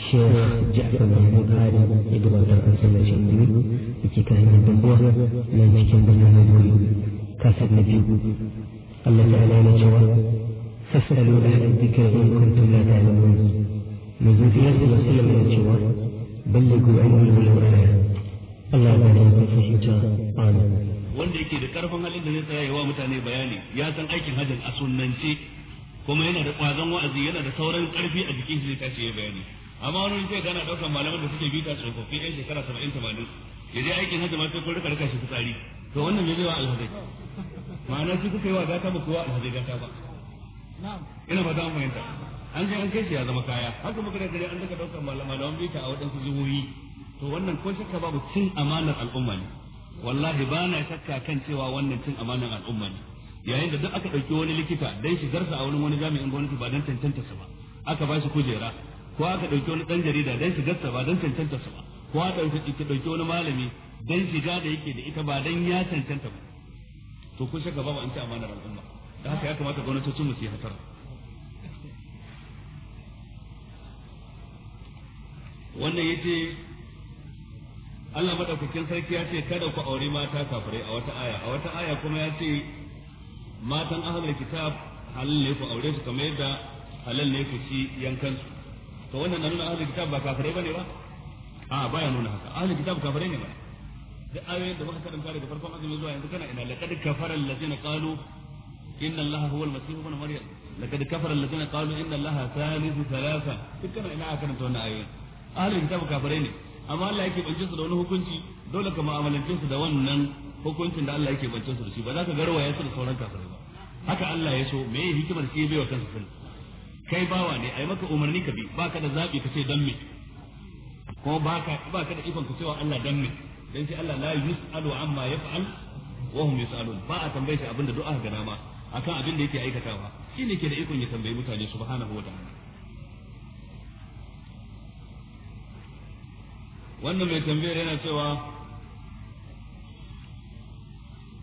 شيخ جعفر محمود آدم يقرأ درس سنة يتكاهن الدنبوه لا يمكن بنا نقول كاسد نبي الله تعالى نجوى فاسألوا أهل الذكر إن كنتم لا تعلمون نزول في هذه الوسيلة من الجوى بلغوا عني ولو آية الله تعالى يبارك آمين wanda yake da karfin halin da zai tsaya yawa mutane bayani ya san aikin hajjin a sunnance kuma yana da kwazon wa'azi yana da sauran karfi a jikin shi zai tashi ya bayani amma wani sai kana daukan malaman da suke bita tsofaffi yan shekara 70 ya yaje aikin hajji ma sai kun rika rika shi fitsari to wannan bai wa alhazai ma'ana shi kuka yi wa gata ba kuwa alhazai gata ba ina ba za mu fahimta an je an kai shi ya zama kaya haka muka da gari an daga daukan malaman bita a waɗansu jihohi to wannan ko shakka babu cin amanar al'umma ne wallahi ba na shakka kan cewa wannan cin amanar al'umma ne yayin da duk aka ɗauki wani likita dan shigarsa a wurin wani jami'in gwamnati ba dan tantance ba aka ba shi kujera ko aka ɗauki wani ɗan jarida don shigarsa ba don cancanta su ba ko aka ɗauki wani malami don shiga da yake da ita ba don ya cancanta ba to kun shaka babu an ci amanar al'umma da haka ya kamata gwamnati sun musu yi hatar wannan yace Allah madaukakin sarki ya ce kada ku aure mata kafirai a wata aya a wata aya kuma ya ce matan ahlul kitab halal ne ku aure su kamar yadda halal ne ku ci yankansu to wannan na nuna ahlul kitab ba kafirai bane ba a baya nuna haka ahlul kitab kafirai ne ba duk ayoyin da muka karanta daga farkon azumi zuwa yanzu kana ina laqad kafara allazina qalu inna allaha huwa almasih ibn maryam laqad kafara allazina qalu inna allaha thalithu thalatha duk kana ina karanta wannan ayoyin ahlul kitab kafirai ne amma Allah yake bance su da wani hukunci dole ka mu'amalance su da wannan hukuncin da Allah yake bance su da shi ba za ka garwaya su da sauran kafirai ba haka Allah ya so me hikimar shi bai wa kansa sani kai bawa ne ai maka umarni ka bi baka da zabi ka ce dan me ko baka baka da ikon ka cewa Allah dan me dan shi Allah la yusalu amma yaf'al wa hum yusalun ba a tambaye shi abinda du'a ga nama akan abin da yake aikatawa shi ne ke da ikon ya tambayi mutane subhanahu wa ta'ala wannan mai tambayar yana cewa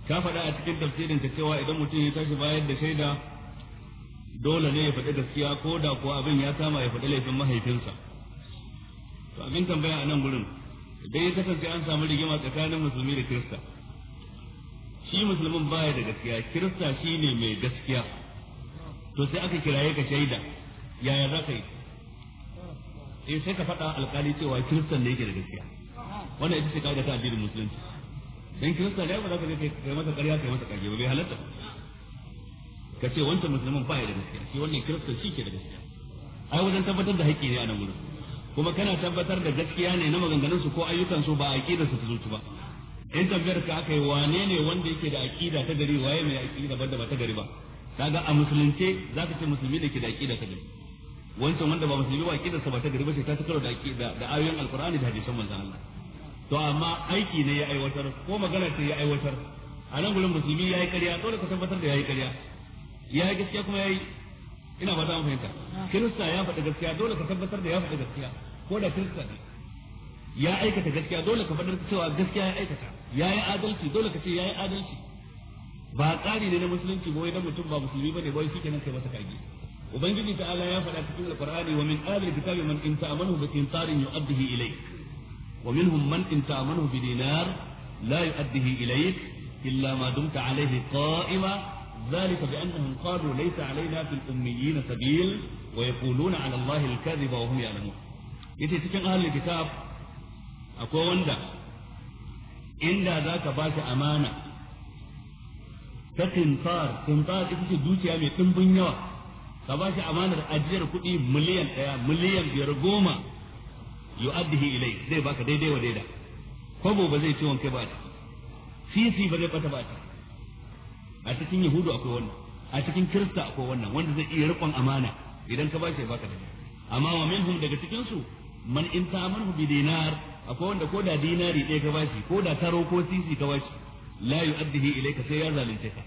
ka faɗa a cikin tafsirin ta cewa idan mutum ya tashi bayar da shaida dole ne ya faɗi gaskiya ko da ko abin ya kama ya faɗi laifin mahaifinsa to abin tambaya a nan gurin idan ya kasance an samu rigima tsakanin musulmi da kirista shi musulmin baya da gaskiya kirista shi ne mai gaskiya to sai aka kiraye ka shaida yaya za ka yi eh sai ka faɗa alƙali cewa kiristan ne yake da gaskiya wannan ita ce kaida ta addinin musulunci dan kirista ne ba za ka je kai masa ƙarya kai masa ƙage ba bai halatta ka ce wancan musulmin ba ya da gaskiya shi wannan kirista shi ke da gaskiya ai wajen tabbatar da haƙƙi ne a nan gurin kuma kana tabbatar da gaskiya ne na maganganun su ko ayyukan su ba aƙida su zuci ba in tambayar ka aka yi wane ne wanda yake da aqida ta gari waye mai aqida banda ba ta gari ba kaga a musulunce zaka ce musulmi da ke da aqida ta gari wancan wanda ba musulmi ba aqidar sa ba ta gari ba shi ta tukaro da aqida da ayoyin alqur'ani da hadisan manzon Allah to amma aiki ne ya aiwatar ko magana ce ya aiwatar a nan gurin musulmi yayi ƙarya dole ka tabbatar da yayi ƙarya ya yi gaskiya kuma ya yi ina ba za mu fahimta ah. kirista ya faɗi gaskiya dole ka tabbatar da ya faɗi gaskiya ko da kirista ne ya aikata gaskiya dole ka faɗar cewa gaskiya ya aikata ya yi adalci dole ka ce ya yi adalci ba tsari ne na musulunci ba wai dan mutum ba musulmi bane ba wai shi kenan kai masa kage ubangiji ala ya faɗa cikin alqur'ani wa min ahli kitabi man in ta'amanu bi qintarin yu'addihi ilayk wa minhum man in ta'amanu bi dinar la yu'addihi ilayk illa ma dumta alayhi qa'ima ذلك بأنهم قالوا ليس علينا في الأميين سبيل ويقولون على الله الكذب وهم يعلمون yace cikin ahlul kitab akwai wanda inda za ka ba shi amana ta tintar tintar ita ce dukiya mai ɗimbin yawa ka ba shi amanar ajiyar kuɗi miliyan ɗaya miliyan biyar goma yu'addihi ilai zai baka daidai wa daida kwabo ba zai ciwon ba ba zai ba a cikin yahudu akwai wannan a cikin kirista akwai wannan wanda zai iya riƙon amana idan ka bashi baka da amma wa minhum daga cikin su man in amanu bi dinar akwai wanda ko da dinari ɗaya ka bashi ko da taro ko sisi ka bashi la yu'addihi ilayka sai ya zalunce ka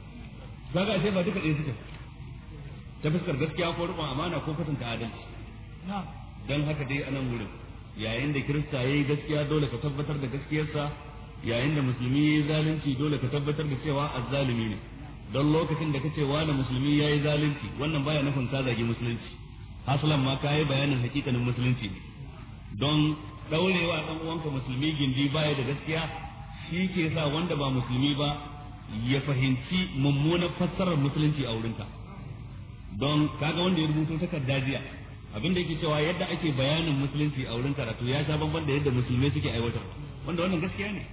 kaga sai ba duka ɗaya suka ta fuskar gaskiya ko riƙon amana ko kasanta adalci dan haka dai anan wurin yayin da kirista yayi gaskiya dole ka tabbatar da gaskiyarsa yayin da musulmi yayi zalunci dole ka tabbatar da cewa azzalimi ne don lokacin da kace wani musulmi yayi zalunci wannan baya nufin ka zagi musulunci hasalan ma ka yi bayanin hakikanin musulunci ne don daurewa dan uwanka musulmi gindi baya da gaskiya shi ke sa wanda ba musulmi ba ya fahimci mummunar fassarar musulunci a wurinka don kaga wanda ya rubuto takarda jiya abinda yake cewa yadda ake bayanin musulunci a wurin karatu ya sha bamban da yadda musulmai suke aiwatar wanda wannan gaskiya ne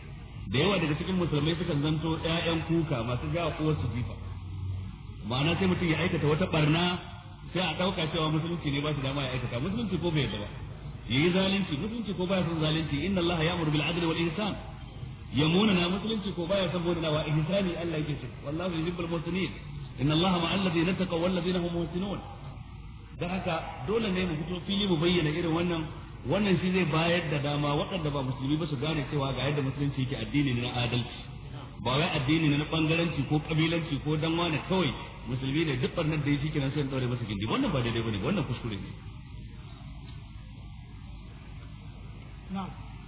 da yawa daga cikin musulmai sukan zanto ƴaƴan kuka masu jawa uwar su jifa ma'ana sai mutum ya aikata wata barna sai a ɗauka cewa musulunci ne ba shi dama ya aikata musulunci ko bai yadda ba yi zalunci musulunci ko baya son zalunci inna allaha ya'muru bil adli wal ihsan ya munana musulunci ko baya son munana wa ihsani Allah yake ce wallahu yuhibbul muhsinin inna allaha ma'al ladina taqaw wal ladina hum muhsinun dan haka dole ne mu fito fili mu bayyana irin wannan wannan shi zai bayar da dama waɗanda ba musulmi ba su gane cewa ga yadda musulunci yake addini na adalci ba wai addini na bangaranci ko kabilanci ko dan wani kawai musulmi ne duk wannan da yake kiran sai daure masa gindi wannan ba daidai bane wannan kuskure ne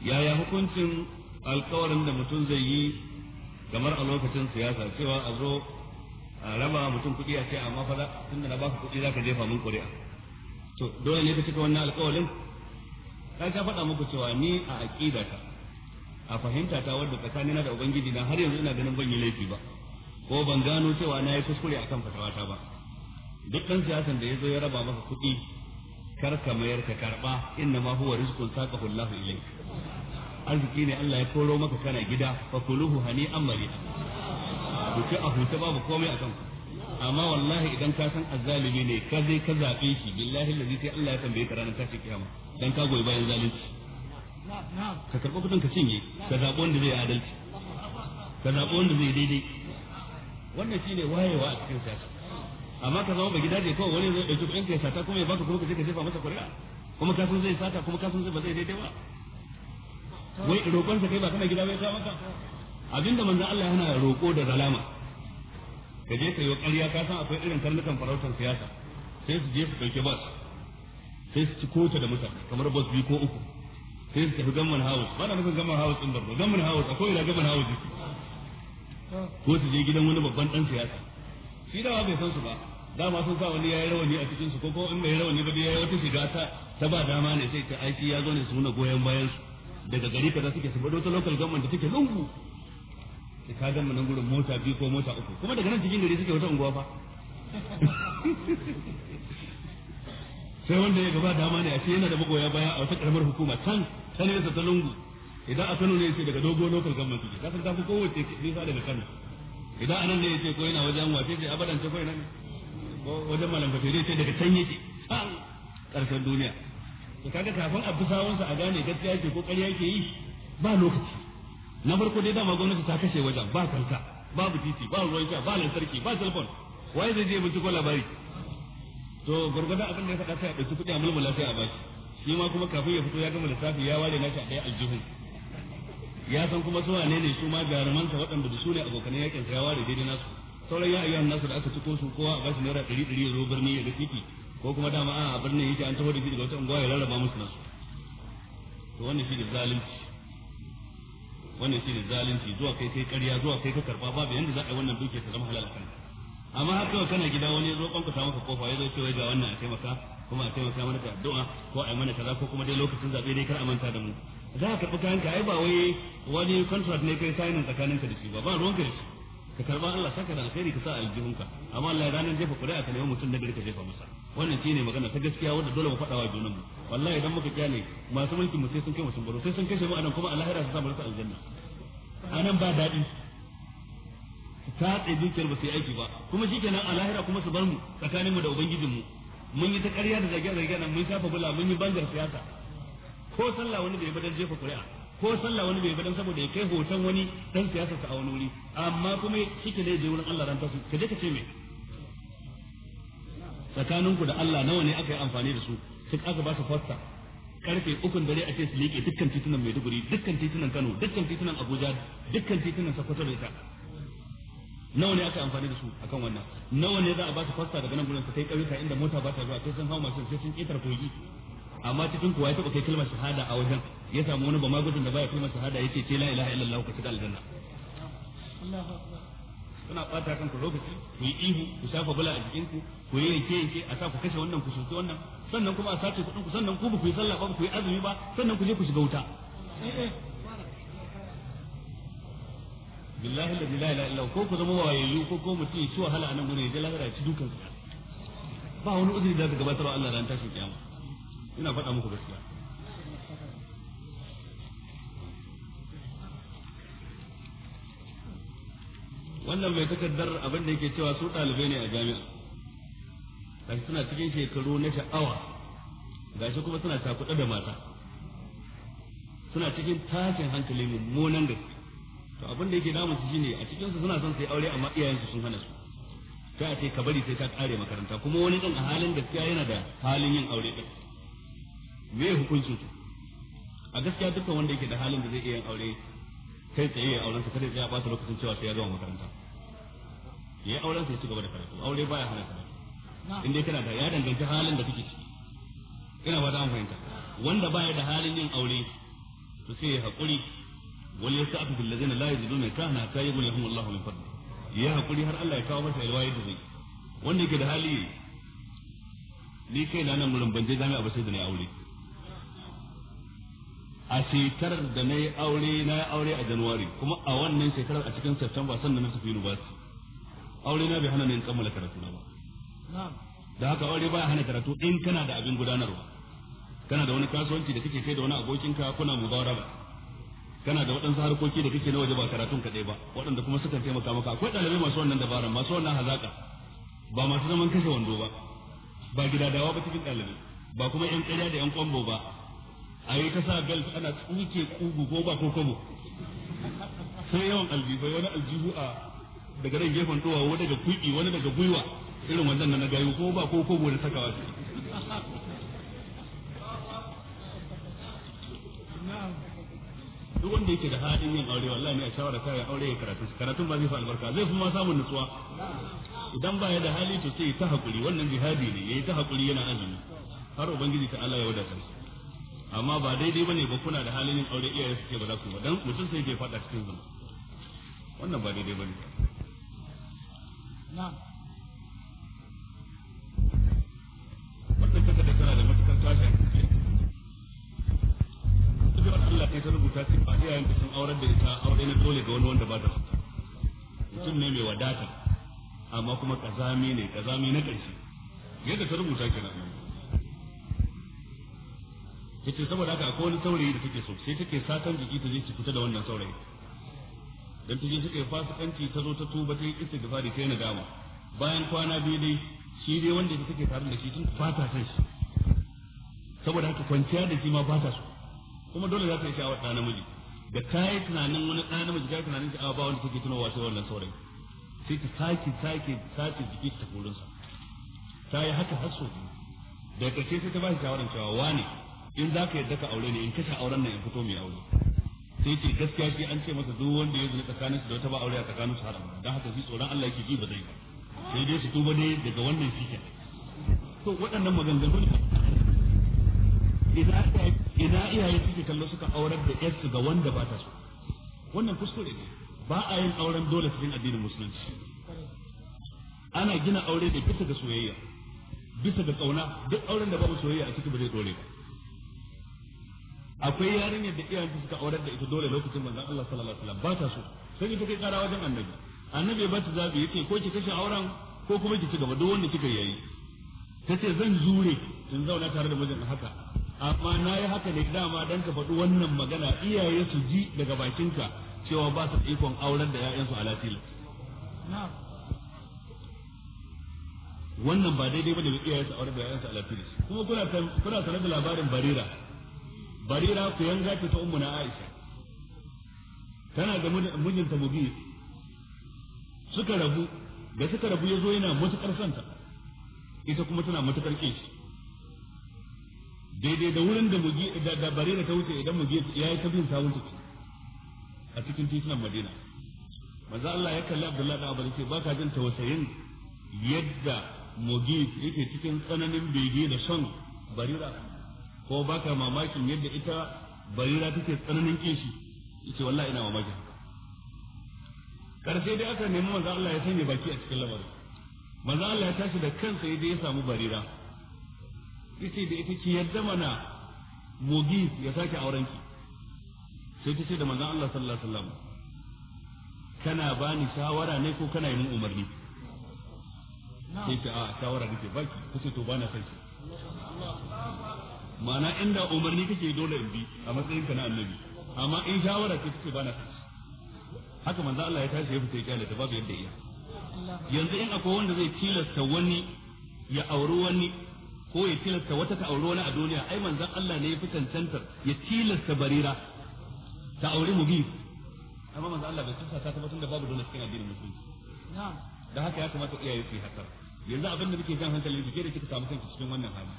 yaya hukuncin alkawarin da mutum zai yi kamar a lokacin siyasa cewa a zo a raba mutum kuɗi a ce amma fa tunda na baka kuɗi zaka jefa mun ƙuri'a to dole ne ka cika wannan alkawarin ka ka faɗa muku cewa ni a aqidata a fahimta ta wadda tsakanina da ubangiji na har yanzu ina ganin ban yi laifi ba ko ban gano cewa na yi kuskure akan fatawata ba duk ɗan siyasan da ya zo ya raba maka kuɗi kar ka mayar ka karɓa inna ma huwa rizqun saqahu Allahu ilayk arziki ne Allah ya koro maka kana gida fa kuluhu hani ku ci a huta babu komai a kanku amma wallahi idan ka san azzalimi ne ka zai ka zaɓe shi billahi lazi sai Allah ya tambaye ka ranar tashi kiyama dan ka goyi bayan zalunci ka karɓi kudin ka cinye ka zaɓi wanda zai adalci ka zaɓi wanda zai daidai wannan shine wayewa a cikin siyasa amma ka zama bai ne kawai wani zai ɗauki kuɗin ka ya sata kuma ya baka kuma ka je ka jefa masa kuri'a kuma kasan zai sata kuma kasan zai ba zai daidai ba wai roƙon sa kai ba kana gida bai ta maka abinda manzon Allah yana roƙo da zalama ka je ka yi ƙarya ka san akwai irin karnukan farautar siyasa sai su je su ɗauki bas sai su ci kota da mutane kamar bas biyu ko uku sai su tafi gamman house ba na nufin gamman house din barba gamman house akwai da gamman house yake ko su je gidan wani babban dan siyasa shi dawa bai san su ba dama sun sa wani yayi rawani a cikin su ko ko in bai rawani ba dai yayi wata shiga ta ta ba dama ne sai ta aiki ya zo ne su nuna goyon bayan su daga gari kaza suke su bado ta local government da take lungu sai ka gama nan gurin mota biyu ko mota uku kuma daga nan cikin gari suke wata unguwa fa sai wanda ya gaba dama ne a ce yana da magoya baya a wata karamar hukuma can can ne ta lungu idan a Kano ne ya ce daga dogo local government ka san ta fi kowace nisa daga Kano idan anan ne ya ce ko yana wajen wace ce abadan ta kai nan ko wajen malam fatiri ce daga can yake can karshen duniya to kaga kafin a fusawansa a gane gaskiya ce ko ƙarya yake yi ba lokaci na farko dai dama gwamnati ta kashe wajen ba kanka babu titi ba ruwan sha ba lantarki ba telefon waye zai je binciko labari to gurgurda abin da ya faɗa sai a ɗauki kuɗi a mulmula sai a baki shi ma kuma kafin ya fito ya gama lissafi ya ware nashi a ɗaya aljihun ya san kuma su wane ne su ma jarumansa waɗanda da su ne abokan yakin sa ya ware daidai nasu sauran ya ayyuhan nasu da aka ciko su kowa a bashi naira ɗari ɗari ya zo birni ya ga ko kuma dama a birnin yake an taho da shi daga wata unguwa ya rarraba musu nasu to wannan shi ne zalunci wannan shi ne zalunci zuwa kai kai ƙarya zuwa kai ka karɓa babu yanda za a yi wannan duke ta zama halal kanka amma har kawai kana gida wani zo ka samu ka kofa ya zo cewa ga wannan a taimaka kuma a taimaka mana da addu'a ko a yi mana kaza ko kuma dai lokacin zabe dai kar a manta da mu za ka karɓi kayanka ai ba wai wani contract ne kai tsakanin ka da shi ba ba ruwan shi ka karba Allah saka da alkhairi ka sa aljihunka amma Allah ya ranar jefa kuri'a ka nemi mutum na gari ka jefa masa wannan shine magana ta gaskiya wanda dole mu faɗa wa junan mu wallahi idan muka kyale masu mulkin mu sai sun kai mu sun baro sai sun kashe mu anan kuma Allah ya rasa sa mu rasa aljanna anan ba daɗi tatse dukiyar ba su yi aiki ba kuma kenan a lahira kuma su bar mu tsakaninmu da ubangijinmu mun yi ta ƙarya da zage-zage nan mun shafa bula mun yi bangar siyasa ko sallah wani bai badan jefa ƙuri'a ko sallah wani bai badan saboda ya kai hoton wani dan siyasa sa a wani wuri amma kuma shike ne je wurin Allah ran tasu kaje ka ce me tsakaninku da Allah nawa ne aka yi amfani da su duk aka ba su fasta karfe ukun dare a ce su liƙe dukkan titunan Maiduguri dukkan titunan Kano dukkan titunan Abuja dukkan titunan Sokoto da ita nawa ne aka amfani da su akan wannan nawa ne za a ba su fasta daga nan gurin su kai ƙauyuka inda mota ba ta zuwa sai sun hau mashin sai sun ƙetar kogi amma cikin kuwa ya taɓa kai kalmar shahada a wajen ya samu wani bama gudun da baya kalmar shahada ya ce la ilaha illallah ka shiga aljanna suna ɓata kanku lokaci ku yi ihu ku shafa bala a jikinku ku yi yanke yanke a sa ku kashe wannan ku soki wannan sannan kuma a sace kuɗin ku sannan ku ba ku yi sallah ba ku yi azumi ba sannan ku je ku shiga wuta eh, eh. billahi la ilaha illa ko ku zama wayayyu ko ko mutum ya ci wahala a nan gurin ya je lahira ci dukan ba wani uzuri da ka gabatar wa Allah ran tashin kiyama ina faɗa muku gaskiya wannan mai takardar abin da yake cewa su ɗalibai ne a jami'a gashi suna cikin shekaru na sha'awa gashi kuma suna takuɗa da mata suna cikin tashin hankali mummunan gaske to abin da yake damu shi ne a cikin su suna son sai aure amma iyayen su sun hana su sai a ce ka bari sai ka kare makaranta kuma wani din a halin gaskiya yana da halin yin aure din me hukuncin su a gaskiya dukkan wanda yake da halin da zai iya yin aure kai tsaye ya auren sa kada ya bata lokacin cewa sai ya zama makaranta ya auren sa ya ci gaba da karatu aure baya hana karatu in dai kana da ya danganci halin da kike ciki ina ba za mu fahimta wanda baya da halin yin aure to sai ya haƙuri Wani ya wal yasta'fifu allazina la yajiduna kana tayyibun lahum Allah min fadli ya hakuri har Allah ya kawo masa alwaye da zai wanda yake da hali ni kai na nan gurin ban je jami'a ba sai da na aure a shekarar da na yi aure na yi aure a januwari kuma a wannan shekarar a cikin september sannan na tafi university aure na bai hana ni in kammala karatu na ba da haka aure baya hana karatu in kana da abin gudanarwa kana da wani kasuwanci da kake kai da wani abokinka kuna ba kana da waɗansu harkoki da kake na waje ba karatun kaɗai ba waɗanda kuma sukan taimaka maka akwai ɗalibai masu wannan dabaran masu wannan hazaƙa ba masu zaman kashe wando ba ba gida dawa ba cikin ɗalibai ba kuma ƴan ƙarya da ƴan ƙwambo ba a yi ta sa belt ana tsuke ƙugu ko ba ko kwabo sai yawan aljihu wani aljihu a daga ran gefen wani daga kuɗi wani daga gwiwa irin wannan na gayu ko ba ko kwabo da sakawa duk wanda yake da halin yin aure wallahi ne a shawara ta ya aure ya karatu karatun ba zai fa albarka zai kuma samun nutsuwa idan ba ya da hali to sai ta hakuri wannan jihadi ne yayi ta hakuri yana azumi har ubangiji ta Allah ya wadata amma ba daidai bane ba kuna da halin yin aure iyaye suke ba za ku ba dan mutum sai ke fada cikin zuma wannan ba daidai bane na'am wannan kaka da kana da matukar tashi sai ta rubuta ce ba iyayen ta sun aurar da ita aure na dole ga wani wanda ba ta mutum ne mai wadata amma kuma kazami ne kazami na ƙarshe yadda ta rubuta ke nan ce saboda haka akwai wani saurayi da take so sai take satan jiki ta je ci fita da wannan saurayi dan ta je suka yi fasikanci ta zo ta tuba ta yi istighfari ta yi nadama bayan kwana biyu dai shi dai wanda ta take tare da shi tun fata san shi saboda haka kwanciya da shi ma ba ta so kuma dole za ta yi sha'awar ɗa namiji da ta yi tunanin wani ɗa namiji ta yi tunanin sha'awa ba wani take tunawa sai wannan saurayi sai ta sake sake sake jiki ta kurinsa ta yi haka har sau da ƙarshe sai ta ba shi shawarar cewa wane in za ka yadda ka aure ne in kashe auren nan in fito mai aure sai ce gaskiya shi an ce masa duk wanda ya zuna tsakanin su da wata ba aure a tsakanin su haram don haka shi tsoron Allah yake ji ba zai ba sai dai su tuba ne daga wannan shi to waɗannan maganganu ne ina iyaye suke kallo suka aurar da yarsu ga wanda ba ta so wannan kuskure ne ba a yin auren dole cikin addinin musulunci ana gina aure da bisa ga soyayya bisa ga kauna duk auren da babu soyayya a ciki ba zai dore ba akwai yarinyar da iyayen suka aurar da ita dole lokacin manzon Allah sallallahu alaihi wasallam ba ta so sai ta kai kara wajen annabi annabi ba ta zabi yace ko ki kashe auren ko kuma ki ci gaba duk wanda kika yayi tace zan zure in zauna tare da mijin haka amma na yi haka ne dama don ka faɗi wannan magana iyaye su ji daga bakinka cewa ba su ikon auren da 'ya'yansu a latil wannan ba daidai ba da iyaye su auren da 'ya'yansu a latil kuma kuna kuna sanar da labarin barira barira ku yanga ta umu na aisha tana da mijinta mugi suka rabu da suka rabu ya zo yana matuƙar santa ita kuma tana matuƙar kishi daidai da wurin da mugi da da ta wuce idan mugi ya yi bin sawun ta a cikin titunan Madina manzo Allah ya kalli Abdullahi da Abu ce baka jin tausayin yadda mugi yake cikin tsananin bege da son barira ko baka mamakin yadda ita barira take tsananin kishi yace wallahi ina mamakin karshe dai aka nemi manzo Allah ya sanya baki a cikin lamarin manzo Allah ya tashi da kansa ya ya samu barira yace da ita ki yadda mana mogi ya sake auren ki sai ta ce da manzon Allah sallallahu alaihi wasallam kana bani shawara ne ko kana yin umarni sai ta a shawara nake baki kace to bana sai ma'ana inda umarni kake dole in bi a matsayin ka na annabi amma in shawara ce kace bana sai haka manzon Allah ya tashi ya fita ya kyale ta babu yadda iya yanzu in akwai wanda zai tilasta wani ya auri wani ko ya tilasta wata ta auri wani a duniya ai manzon Allah ne ya fi cancantar ya tilasta barira ta auri mu biyu amma manzon Allah bai tilasta ta tabbatar da babu dole cikin addinin musulunci da haka ya kamata iyaye su yi hasar yanzu abin da nake jan hankali da ke da kika samu kanki cikin wannan hali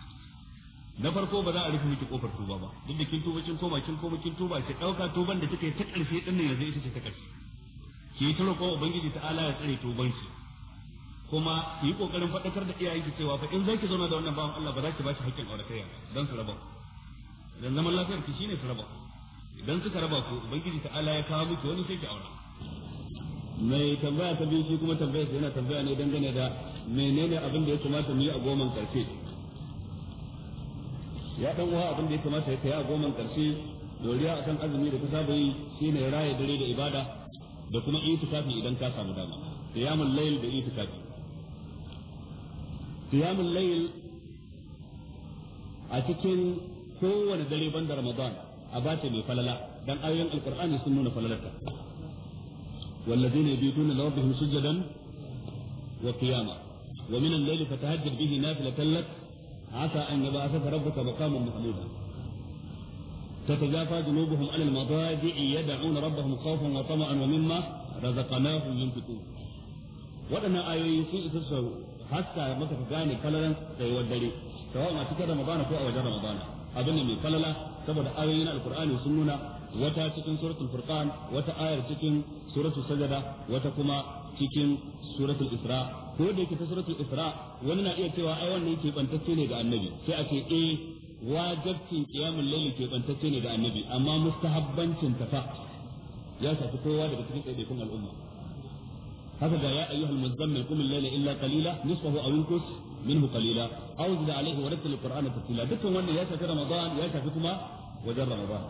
na farko ba za a rufe miki kofar tuba ba duk da kin tuba kin koma kin koma kin tuba ki dauka tuban da kika yi ta karshe din ne yanzu ita ce ta karshe ki yi ta roƙo ubangiji ta'ala ya tsare tuban ki kuma yi kokarin faɗakar da iyayenki cewa fa in zaki zauna da wannan bawan Allah ba za ki ba shi haƙƙin aurataya dan su raba dan zaman lafiyar ki shine su raba idan suka raba ku ubangiji ta Allah ya kawo miki wani sai ki aura mai tambaya ta biyu shi kuma tambayar yana tambaya ne dangane da menene abin da ya kamata mu yi a goman karshe ya dan uwa abin da ya kamata ya kai a goman karshe doriya akan azumi da ta saba yi shine raye dare da ibada da kuma itikafi idan ka samu dama qiyamul layl da itikafi قيام الليل أتكن cikin kowane dare رمضان ramadan a bace mai falala dan ayoyin alqur'ani والذين يبيتون لربهم سجدا وقياما ومن الليل فتهجد به نافلة لك عسى أن يبعثك ربك مقاما محمودا تتجافى جنوبهم عن المضاجع يدعون ربهم خوفا وطمعا ومما رزقناهم ينفقون وأنا ayoyi sun isa haska maka ka gane falalan tsayuwar dare sawa a cikin ramadana ko a wajen ramadana abin ne mai falala saboda ayoyin alkur'ani sun nuna wata cikin suratul furqan wata ayar cikin suratul sajada wata kuma cikin suratul isra ko da yake ta suratul isra wani na iya cewa ai wannan ke bantacce ne ga annabi sai a ce eh wajibcin qiyamul layl ke bantacce ne ga annabi amma mustahabbancin tafa fa ya shafi kowa daga cikin ɗaiɗaikun al'umma haka ga ya ayyuhal muzammil qum al-layla illa qalila nisfahu aw inqus minhu qalila aw zid alayhi wa rattil al-qur'ana tartila dukkan wannan ya shafi ramadan ya shafi kuma wajen ramadan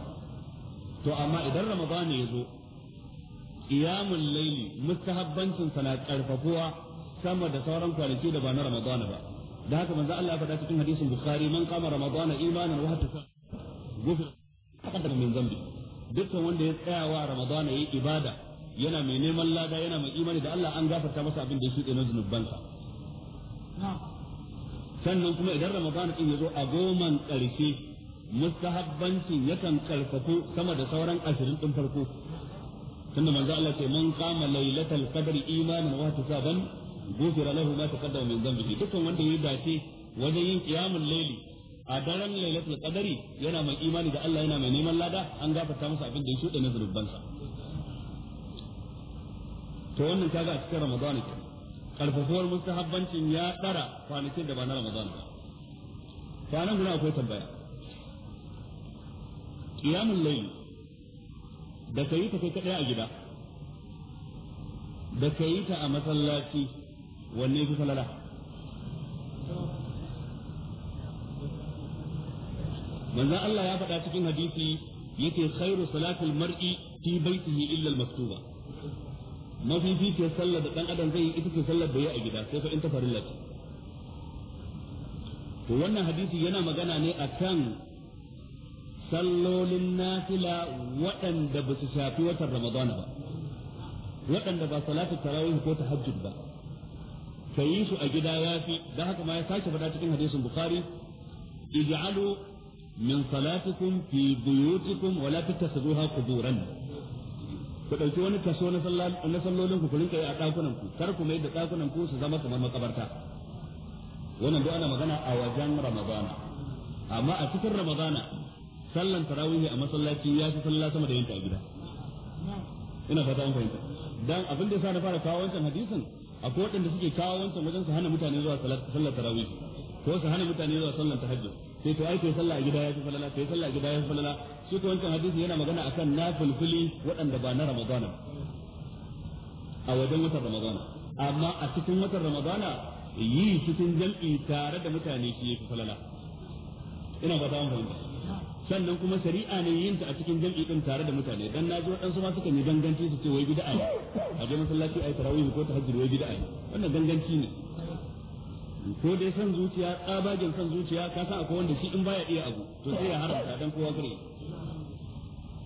to amma idan ramadan ya zo qiyamul layli mustahabbancin sana karfafuwa sama da sauran kwanaki da ba na ramadan ba da haka manzo Allah ya faɗa cikin hadisin bukhari man qama ramadan imanan wa hatta gufir taqaddama min zambi dukkan wanda ya tsaya wa ramadan yayi ibada yana mai neman lada yana mai imani da Allah an gafarta masa abin da ya shuɗe na zunubansa sannan kuma idan ramadan din ya zo a goman ƙarshe mustahabbancin yakan karfafu sama da sauran ashirin din farko tunda manzo Allah ce man kama Laylatal qadri imanan wa tasaban ghufira lahu ma taqaddama min dhanbihi dukkan wanda ya dace wajen yin qiyamul layli a daren lailatul qadri yana mai imani da Allah yana mai neman lada an gafarta masa abin da ya shuɗe na zunubansa to wannan kaga a cikin ramadan ke karfafuwar mustahabbancin ya tsara kwanakin da ba na ramadan ba kwanan guda akwai tambaya qiyamul layl da ka yi ta kai kaɗaya a gida da ka yi ta a masallaci wanne fi falala manzon Allah ya faɗa cikin hadisi yake khairu salatul mar'i fi baitihi illa al-maktuba mafificiyar sallar da ɗan adam zai yi ita ce sallar da ya a gida sai fa in ta farilla to wannan hadisi yana magana ne akan sallolin nafila waɗanda ba su shafi watan ramadan ba waɗanda ba salatu tarawih ko tahajjud ba ka yi su a gida yafi dan haka ma ya sake faɗa cikin hadisin bukhari ij'alu min salatikum fi buyutikum wa la tattakhidhuha quburan ku ɗauki wani kaso na sallolin ku ku yi a ɗakunan ku kar ku mai da ɗakunan ku su zama kamar makabarta wannan duk ana magana a wajen ramadana amma a cikin ramadana sallan tarawih a masallaci ya fi sallah sama da yinta a gida ina fata an fahimta dan abin da yasa na fara kawo wancan hadisin akwai waɗanda suke kawo wancan wajen su hana mutane zuwa sallar tarawih ko su hana mutane zuwa sallar tahajjud sai to ai sai sallah a gida ya fi falala sai sallah a gida ya fi falala shi ko wancan hadisi yana magana akan nafilfili waɗanda ba na ramadana a wajen watan ramadana amma a cikin watan ramadana yi cikin jam'i tare da mutane shi yake falala ina ba ta fahimta sannan kuma shari'a ne yin ta a cikin jam'i din tare da mutane dan naji waɗansu ma suka yi ganganci su ce wai bid'a ne a ga masallaci ai tarawih ko hajji wai bid'a ne wannan ganganci ne ko dai san zuciya tsabagen san zuciya ka san akwai wanda shi in baya iya abu to sai ya haramta dan kowa kare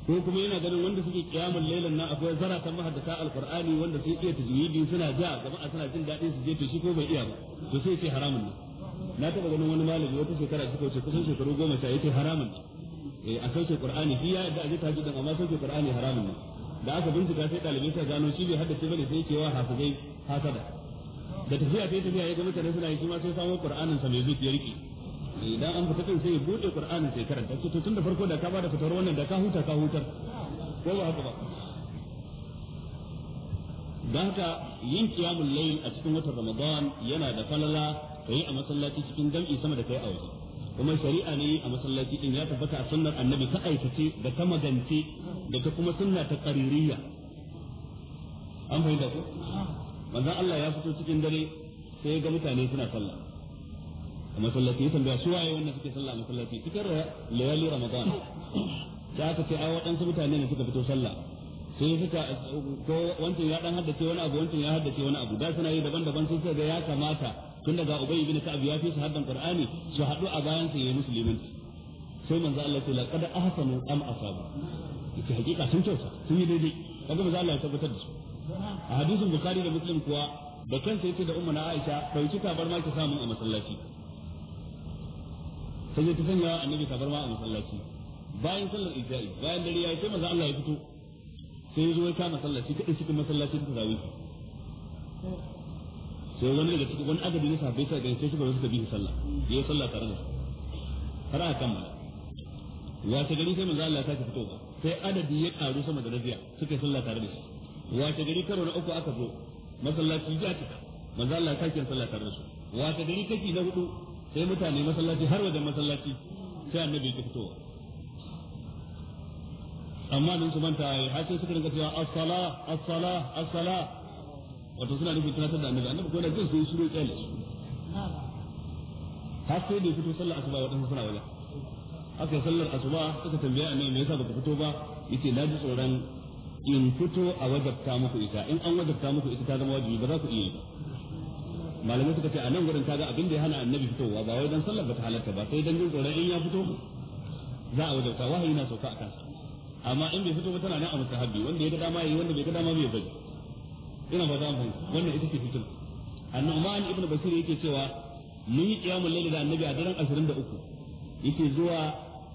ko kuma yana ganin wanda suke kiyamun lailan nan akwai zaratan mahaddasa alqur'ani wanda su iya tajwidi suna ja jama'a suna jin daɗin su je to shi ko bai iya ba to sai ce haramun ne na taba ganin wani malami wata shekara ta kauce kusan shekaru goma sha yace haramun ne eh a sauke qur'ani shi ya da aje tajwidin amma sauke qur'ani haramun ne da aka bincika sai dalibai suka gano shi bai haddace bane sai cewa hafizai hasada da tafiya sai tafiya ya ga mutane suna yi kuma sai samu qur'anin sa mai zuciyar ki idan an fita kan sai ya bude qur'anin sai karanta to tun da farko da ka bada fitar wannan da ka huta ka hutar ko ba haka ba da haka yin qiyamul layl a cikin watan ramadan yana da falala kai a masallaci cikin jam'i sama da kai a waje kuma shari'a ne a masallaci din ya tabbata a sunnar annabi ta aikace da ta magance da ta kuma sunna ta qaririyya an fahimta ko manzon Allah ya fito cikin dare sai ya ga mutane suna sallah a masallaci ya tambaya su waye wannan suke sallah a masallaci cikin layali ramadan da aka ce ai waɗansu mutane ne suka fito sallah sai suka ko wancan ya dan haddace wani abu wancan ya haddace wani abu da suna yi daban-daban sun ga ya kamata tun daga ubay ibn ka'ab ya fi su haddan qur'ani su haɗu a bayan sa yayi musulmin sai manzo Allah ya ce laqad ahsanu am asabu yace hakika sun kyauta sun yi daidai kaga manzo Allah ya tabbatar da su a hadisin bukhari da muslim kuwa da kansa yace da ummu na aisha dauki ma ki samu a masallaci ta zo ta sanya annabi ma a masallaci bayan sallar isha'i bayan dare ya yi sai maza Allah ya fito sai ya zo ya kama masallaci kaɗai cikin masallacin ta zawi sai wani daga cikin wani adadi na sahabbai sai ga sai shi ba suka bi sallah yayi sallah tare da har aka kammala wace gari sai manzo Allah ya sake fitowa sai adadi ya karu sama da rabiya suka yi sallah tare da shi wace gari karo na uku aka zo masallaci ya cika manzo Allah ya sake sallah tare da su wace gari kashi na hudu sai mutane masallaci har wajen masallaci sai annabi ya fitowa amma nan su manta ai har sai suka rinka cewa as-sala as-sala as-sala wato suna nufin tunatar da annabi annabi ko da jin sai shiru kyale su har sai da fito sallar asuba wadan suna wajen aka sallar asuba suka tambaya annabi me yasa baka fito ba yace na ji tsoron in fito a wajabta muku ita in an wajabta muku ita ta zama wajibi ba za ku iya yi ba malamai suka ce a nan gurin kaga abin da ya hana annabi fitowa ba wai dan sallar bata halarta ba sai dan jin tsoron in ya fito za a wajauta wahayi na sauka a kansa amma in bai fito ba tana nan a mustahabbi wanda ya ga dama yayi wanda bai ga dama bai bari ina ba za mu wannan ita ce fitin annu'man ibn basir yake cewa mun yi qiyamul layl da annabi a daren 23 yake zuwa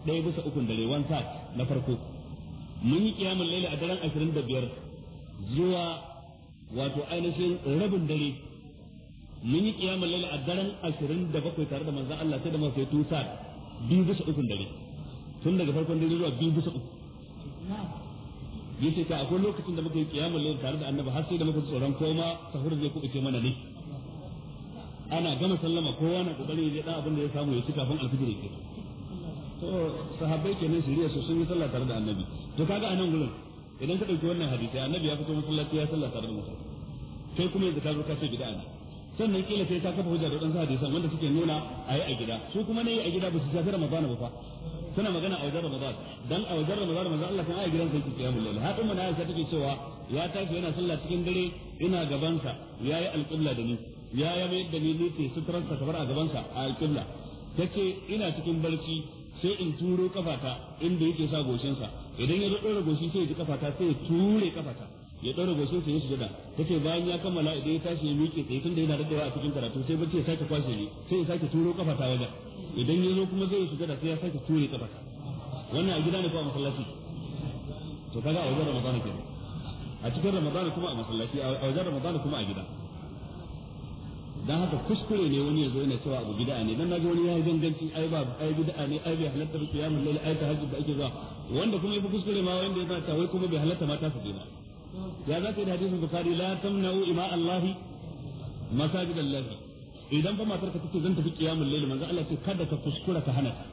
ɗaya bisa ukun dare one third na farko mun yi qiyamul layl a daren 25 zuwa wato ainihin rabin dare mun yi kiyamar lalle a daren ashirin da bakwai tare da manzan Allah sai da masu yato sa biyu bisa ukun dare tun daga farkon dare zuwa biyu bisa uku yace ta akwai lokacin da muka yi kiyamar lalle tare da annabi har sai da muka tsoron koma sahur zai kuɓuce mana ne ana gama sallama kowa na kokarin ya dan abin da ya samu ya ci kafin alfijir ya fito to sahabbai kenan shirya su sun yi sallah tare da annabi to kaga anan gurin idan ka dauki wannan hadisi annabi ya fito masallaci ya sallah tare da masallaci kai kuma yanzu ka zo ka ce bid'a ne sannan kila sai ta kafa hujja da dan wanda suke nuna ayi a gida su kuma ne a gida ba su shafi ramadana ba fa suna magana a wajen ramadan dan a wajen ramadan manzo Allah kan a gidan sai ki kiyamul lail hadin mun ayi take cewa ya tashi yana sallah cikin dare ina gaban sa yayi alqibla da ni ya ya mai da ni nufi suturar sa kabar a gaban sa a alqibla take ina cikin barci sai in turo kafata inda yake sa goshin sa idan ya dora goshi sai ya ji kafata sai ya ture kafata ya ɗaura goshin sa ya sujada ce bayan ya kammala idan ya tashi ya miƙe tsaye da yana daɗewa a cikin karatu sai bacci ya sake kwashe ne sai ya sake turo kafa ta wajen idan ya zo kuma zai sujada sai ya sake ture kafa ta wannan a gida ne ko a masallaci to kaga a wajen ramadana ke a cikin ramadana kuma a masallaci a wajen ramadana kuma a gida dan haka kuskure ne wani ya zo yana cewa abu bid'a ne dan naji wani ya yi ganganci ai ba ai bid'a ne ai bai halatta qiyamul layl ai ta tahajjud da ake zuwa wanda kuma yafi kuskure ma wanda ya ta wai kuma bai halatta mata su je ba ya za ka yi da hadisin bukari la tamna'u ima allahi masajid allah idan ba matarka take zan tafi qiyamul layl manzo Allah ce kada ka kuskura ka hana ta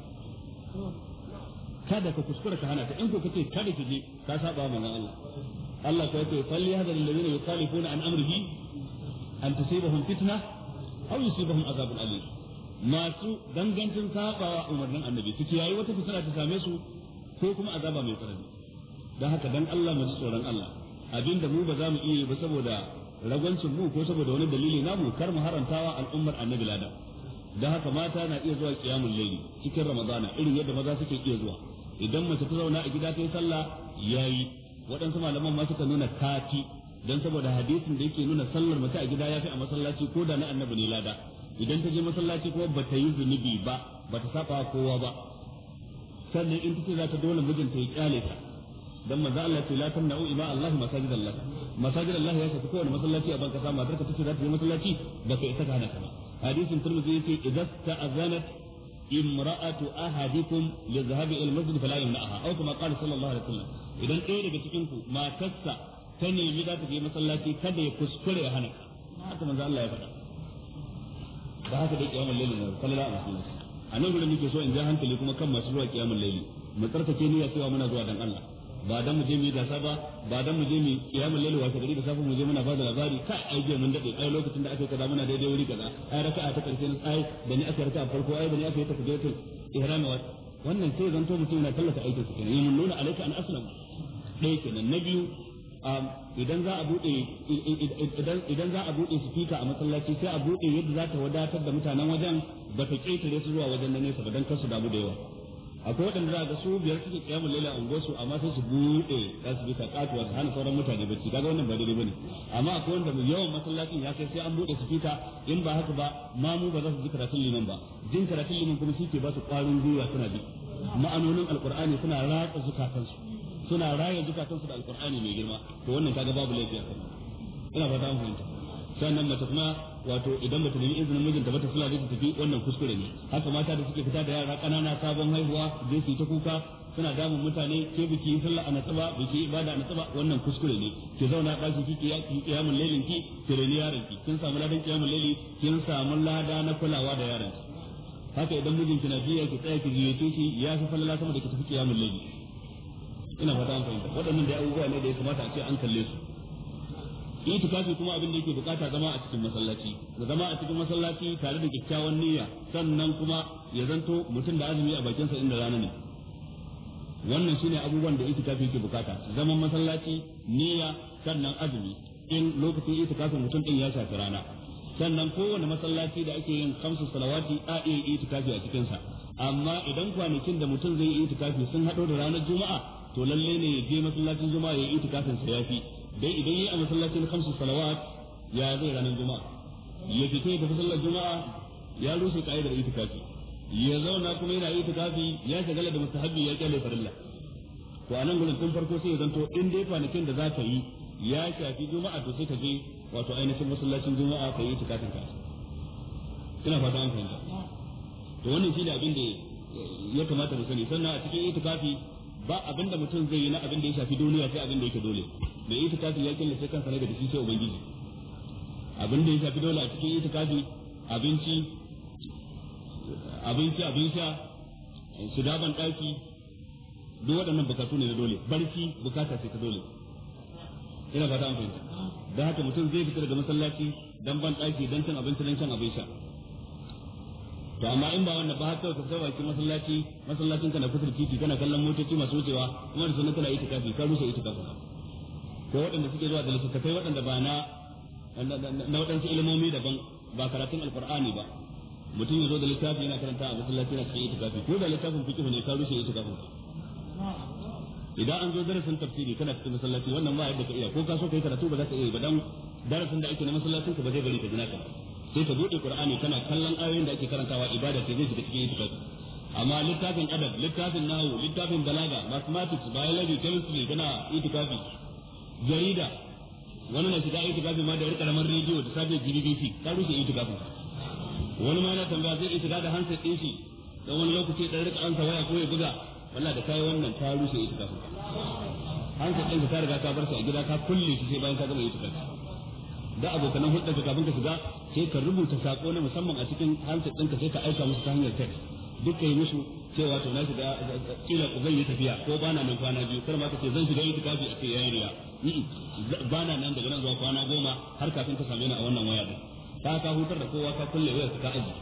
kada ka kuskura ka hana ta in ko kace kada ki je ka saba manzo Allah Allah ko yace falli hada alladhina yukhalifuna an amrihi an tusibahum fitna aw yusibahum azabun alim masu dangancin sabawa umarnin annabi kici yayi wata fitna ta same su ko kuma azaba mai tsanani dan haka dan Allah mu tsoron Allah abinda mu ba za mu iya ba saboda ragwancin mu ko saboda wani dalili namu kar mu harantawa al'ummar annabi ladan dan haka mata na iya zuwa qiyamul layli cikin ramadana irin yadda maza suke iya zuwa idan mace ta zauna a gida ta yi sallah yayi waɗansu malaman ma suka nuna kati don saboda hadisin da yake nuna sallar mace a gida yafi a masallaci ko da na annabi ne lada idan ta je masallaci kuma bata yi zunubi ba bata saba kowa ba sannan in tace za ta dole mijinta ya kyale ta dan manzo Allah ce la tamna'u ima Allah masajid Allah masajid Allah ya shafi kowane masallaci a banka sa matar ka tace za ta yi masallaci da kai ta hana ka hadisin turmizi yace idza ta'azanat imra'atu ahadikum li ila masjid fala yamna'aha aw kama qala sallallahu alaihi wasallam idan ɗaya daga cikin ku matarsa ta nemi za ta je masallaci kada ya kuskure ya hana haka manzo Allah ya faɗa ba haka dai kiyamul layli ne sallallahu alaihi wasallam a nan gurin nake so in ja hankali kuma kan masu zuwa kiyamul layli mu tsarkake niyya cewa muna zuwa dan Allah ba dan mu je mu yi gasa ba ba dan mu je mu kiyamul lail wa gari da safe mu je muna bada labari ka ai je mun dade ai lokacin da aka kaza muna daidai wuri kaza ai raka'a ta karshe ai da ni aka raka'a farko ai da ni aka yi takbiratul ihram wa wannan sai zanto mutum yana tallata aikin sa kenan mun nuna alaika an aslam dai kenan na biyu idan za a bude idan idan za a bude sifika a masallaci sai a bude yadda za ta wadatar da mutanen wajen ba ta tare su zuwa wajen na nesa ba dan kar su damu da yawa akwai waɗanda za ga su biyar suke kiyamun laila a su amma sai su buɗe asibita katuwa su hana sauran mutane bacci kaga wannan ba daidai bane amma akwai wanda yawan masallacin ya kai sai an buɗe su fita in ba haka ba mu ba za su ji karatun liman ba jin karatun liman kuma shi ke ba su ƙwarin gwiwa suna bi ma'anonin alƙur'ani suna ratsa zukatansu suna raya zukatansu da alƙur'ani mai girma to wannan kaga babu laifi a kan ina fata an fahimta sannan mace kuma wato idan bata yi izinin mijinta bata ta sula zai tafi wannan kuskure ne haka mata da suke fita da yara kanana sabon haihuwa zai su ta kuka suna damun mutane ke biki sallah a nasaba biki ibada a nasaba wannan kuskure ne ki zauna kike yaki kiyamun lailin ki ki reni yaran ki kin samu ladan kiyamun laili kin samu lada na kulawa da yaran ki haka idan ki na biya ki tsaya ki ziyarce shi ya fi sallah sama da ki tafi kiyamun laili ina fata an fahimta waɗannan da abubuwa ne da ya kamata a ce an kalle su itikafi kuma abin da yake bukata zama a cikin masallaci da zama a cikin masallaci tare da kyakkyawan niyya sannan kuma ya zanto mutum da azumi a bakinsa inda rana ne wannan shine abubuwan da itikafi yake bukata zaman masallaci niyya sannan azumi in lokacin itikafin mutum din ya shafi rana sannan kowane masallaci da ake yin kamsu salawati a iya itikafi a cikinsa amma idan kwanakin da mutum zai yi itikafi sun haɗo da ranar juma'a to lalle ne ya je masallacin juma'a ya yi itikafin sa fi. dai idan yi a masallacin kamsu salawat ya zai ranar juma'a ya fito ya tafi sallar juma'a ya rushe ka'idar itikafi ya zauna kuma yana itikafi ya shagala da mustahabbi ya kyale farilla to a nan gurin tun farko sai ya zanto in dai kwanakin da za ka yi ya shafi juma'a to sai ka je wato ainihin masallacin juma'a ka yi itikafin ka ina fata an fahimta to wannan shi ne abin da ya kamata mu sani sannan a cikin itikafi ba abinda mutum zai yi na abinda ya shafi duniya sai abinda yake dole da tukafi ya sai kansa ne da shi sai ubangiji abinda ya shafi dole a cikin tukafi abinci abinci abin sha su daban daki duk waɗannan bukatu ne na dole barci bukata sai ta dole ina fata an fahimta da haka mutum zai fita daga masallaci dan ban daki dan cin abinci dan cin abinci. sha to amma in ba wannan ba har kawai ka kai bakin masallaci masallacin ka na kusur titi kana kallon motoci masu wucewa kuma da sunan kana itikafi ka rusa itikafi ko waɗanda suke zuwa da littattafai waɗanda ba na na waɗansu ilimomi daban ba karatun alqur'ani ba mutum ya zo da littafi yana karanta a masallaci na cikin itikafi ko da littafin fiqh ne ka rusa itikafi idan an zo darasin tafsiri kana cikin masallaci wannan ma yadda ka iya ko ka so kai karatu ba za ka iya ba dan darasin da ake na masallacin ka ba zai bari ka jinaka ka ba sai ka bude qur'ani kana kallon ayoyin da ake karantawa ibada ce zai shiga cikin ita amma littafin adab littafin nahwu littafin balaga mathematics biology chemistry kana itikafi jarida wani na shiga itikafi ma da yar karamar rediyo da safe gbbc ka rushe kafi wani ma yana tambaya zai shiga da handset din shi dan wani lokaci dan rika ansa waya ko ya buga wallahi da kai wannan ka rushe kafi handset din ka riga ka bar shi a gida ka kulle shi sai bayan ka gama itikafi da abokanan hulɗar ka kafin ka shiga sai ka rubuta sako na musamman a cikin hansa ɗinka sai ka aika musu ta hanyar duk duka yi musu cewa to na shiga kila zan yi tafiya ko bana nan kwana biyu kar ma ka ce zan shiga yi tafi a kai yayin riya bana nan daga nan zuwa kwana goma har kafin ka same ni a wannan waya din ka ka hutar da kowa ka kulle wayar ka aji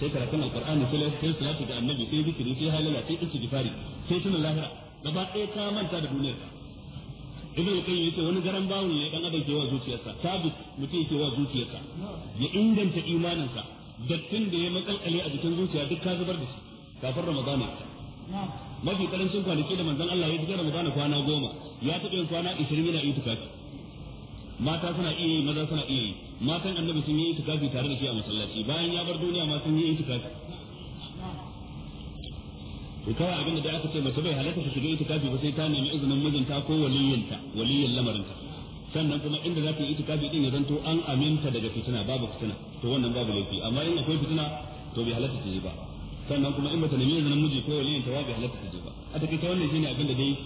sai karatun alqur'ani sai sai salatu da annabi sai zikiri sai halala sai istighfari sai tunan lahira gaba ɗaya ka manta da duniyar ibnu qayyim yace wani garan bawul ne dan adam ke wa zuciyarsa sabit mutum ke wa zuciyarsa ya inganta imaninsa dattin da ya makalkale a jikin zuciya duk ka zubar da shi kafin ramadana mafi karancin kwanaki da manzon Allah ya fitar ramadana kwana goma ya taɓa yin kwana ishirin yana itikafi mata suna iya yi maza suna iya yi matan annabi sun yi itikafi tare da shi a masallaci bayan ya bar duniya ma sun yi itikafi kawai abinda da aka ce mace bai halatta ta shiga itikafi ba sai ta nemi izinin mijinta ko waliyinta waliyin lamarinta sannan kuma inda za ta yi itikafi din ya zanto an aminta daga fitina babu fitina to wannan babu laifi amma in akwai fitina to bai halatta ta yi ba sannan kuma in bata nemi izinin miji ko waliyinta ba bai halatta ta je ba a take ta wannan shine abinda dai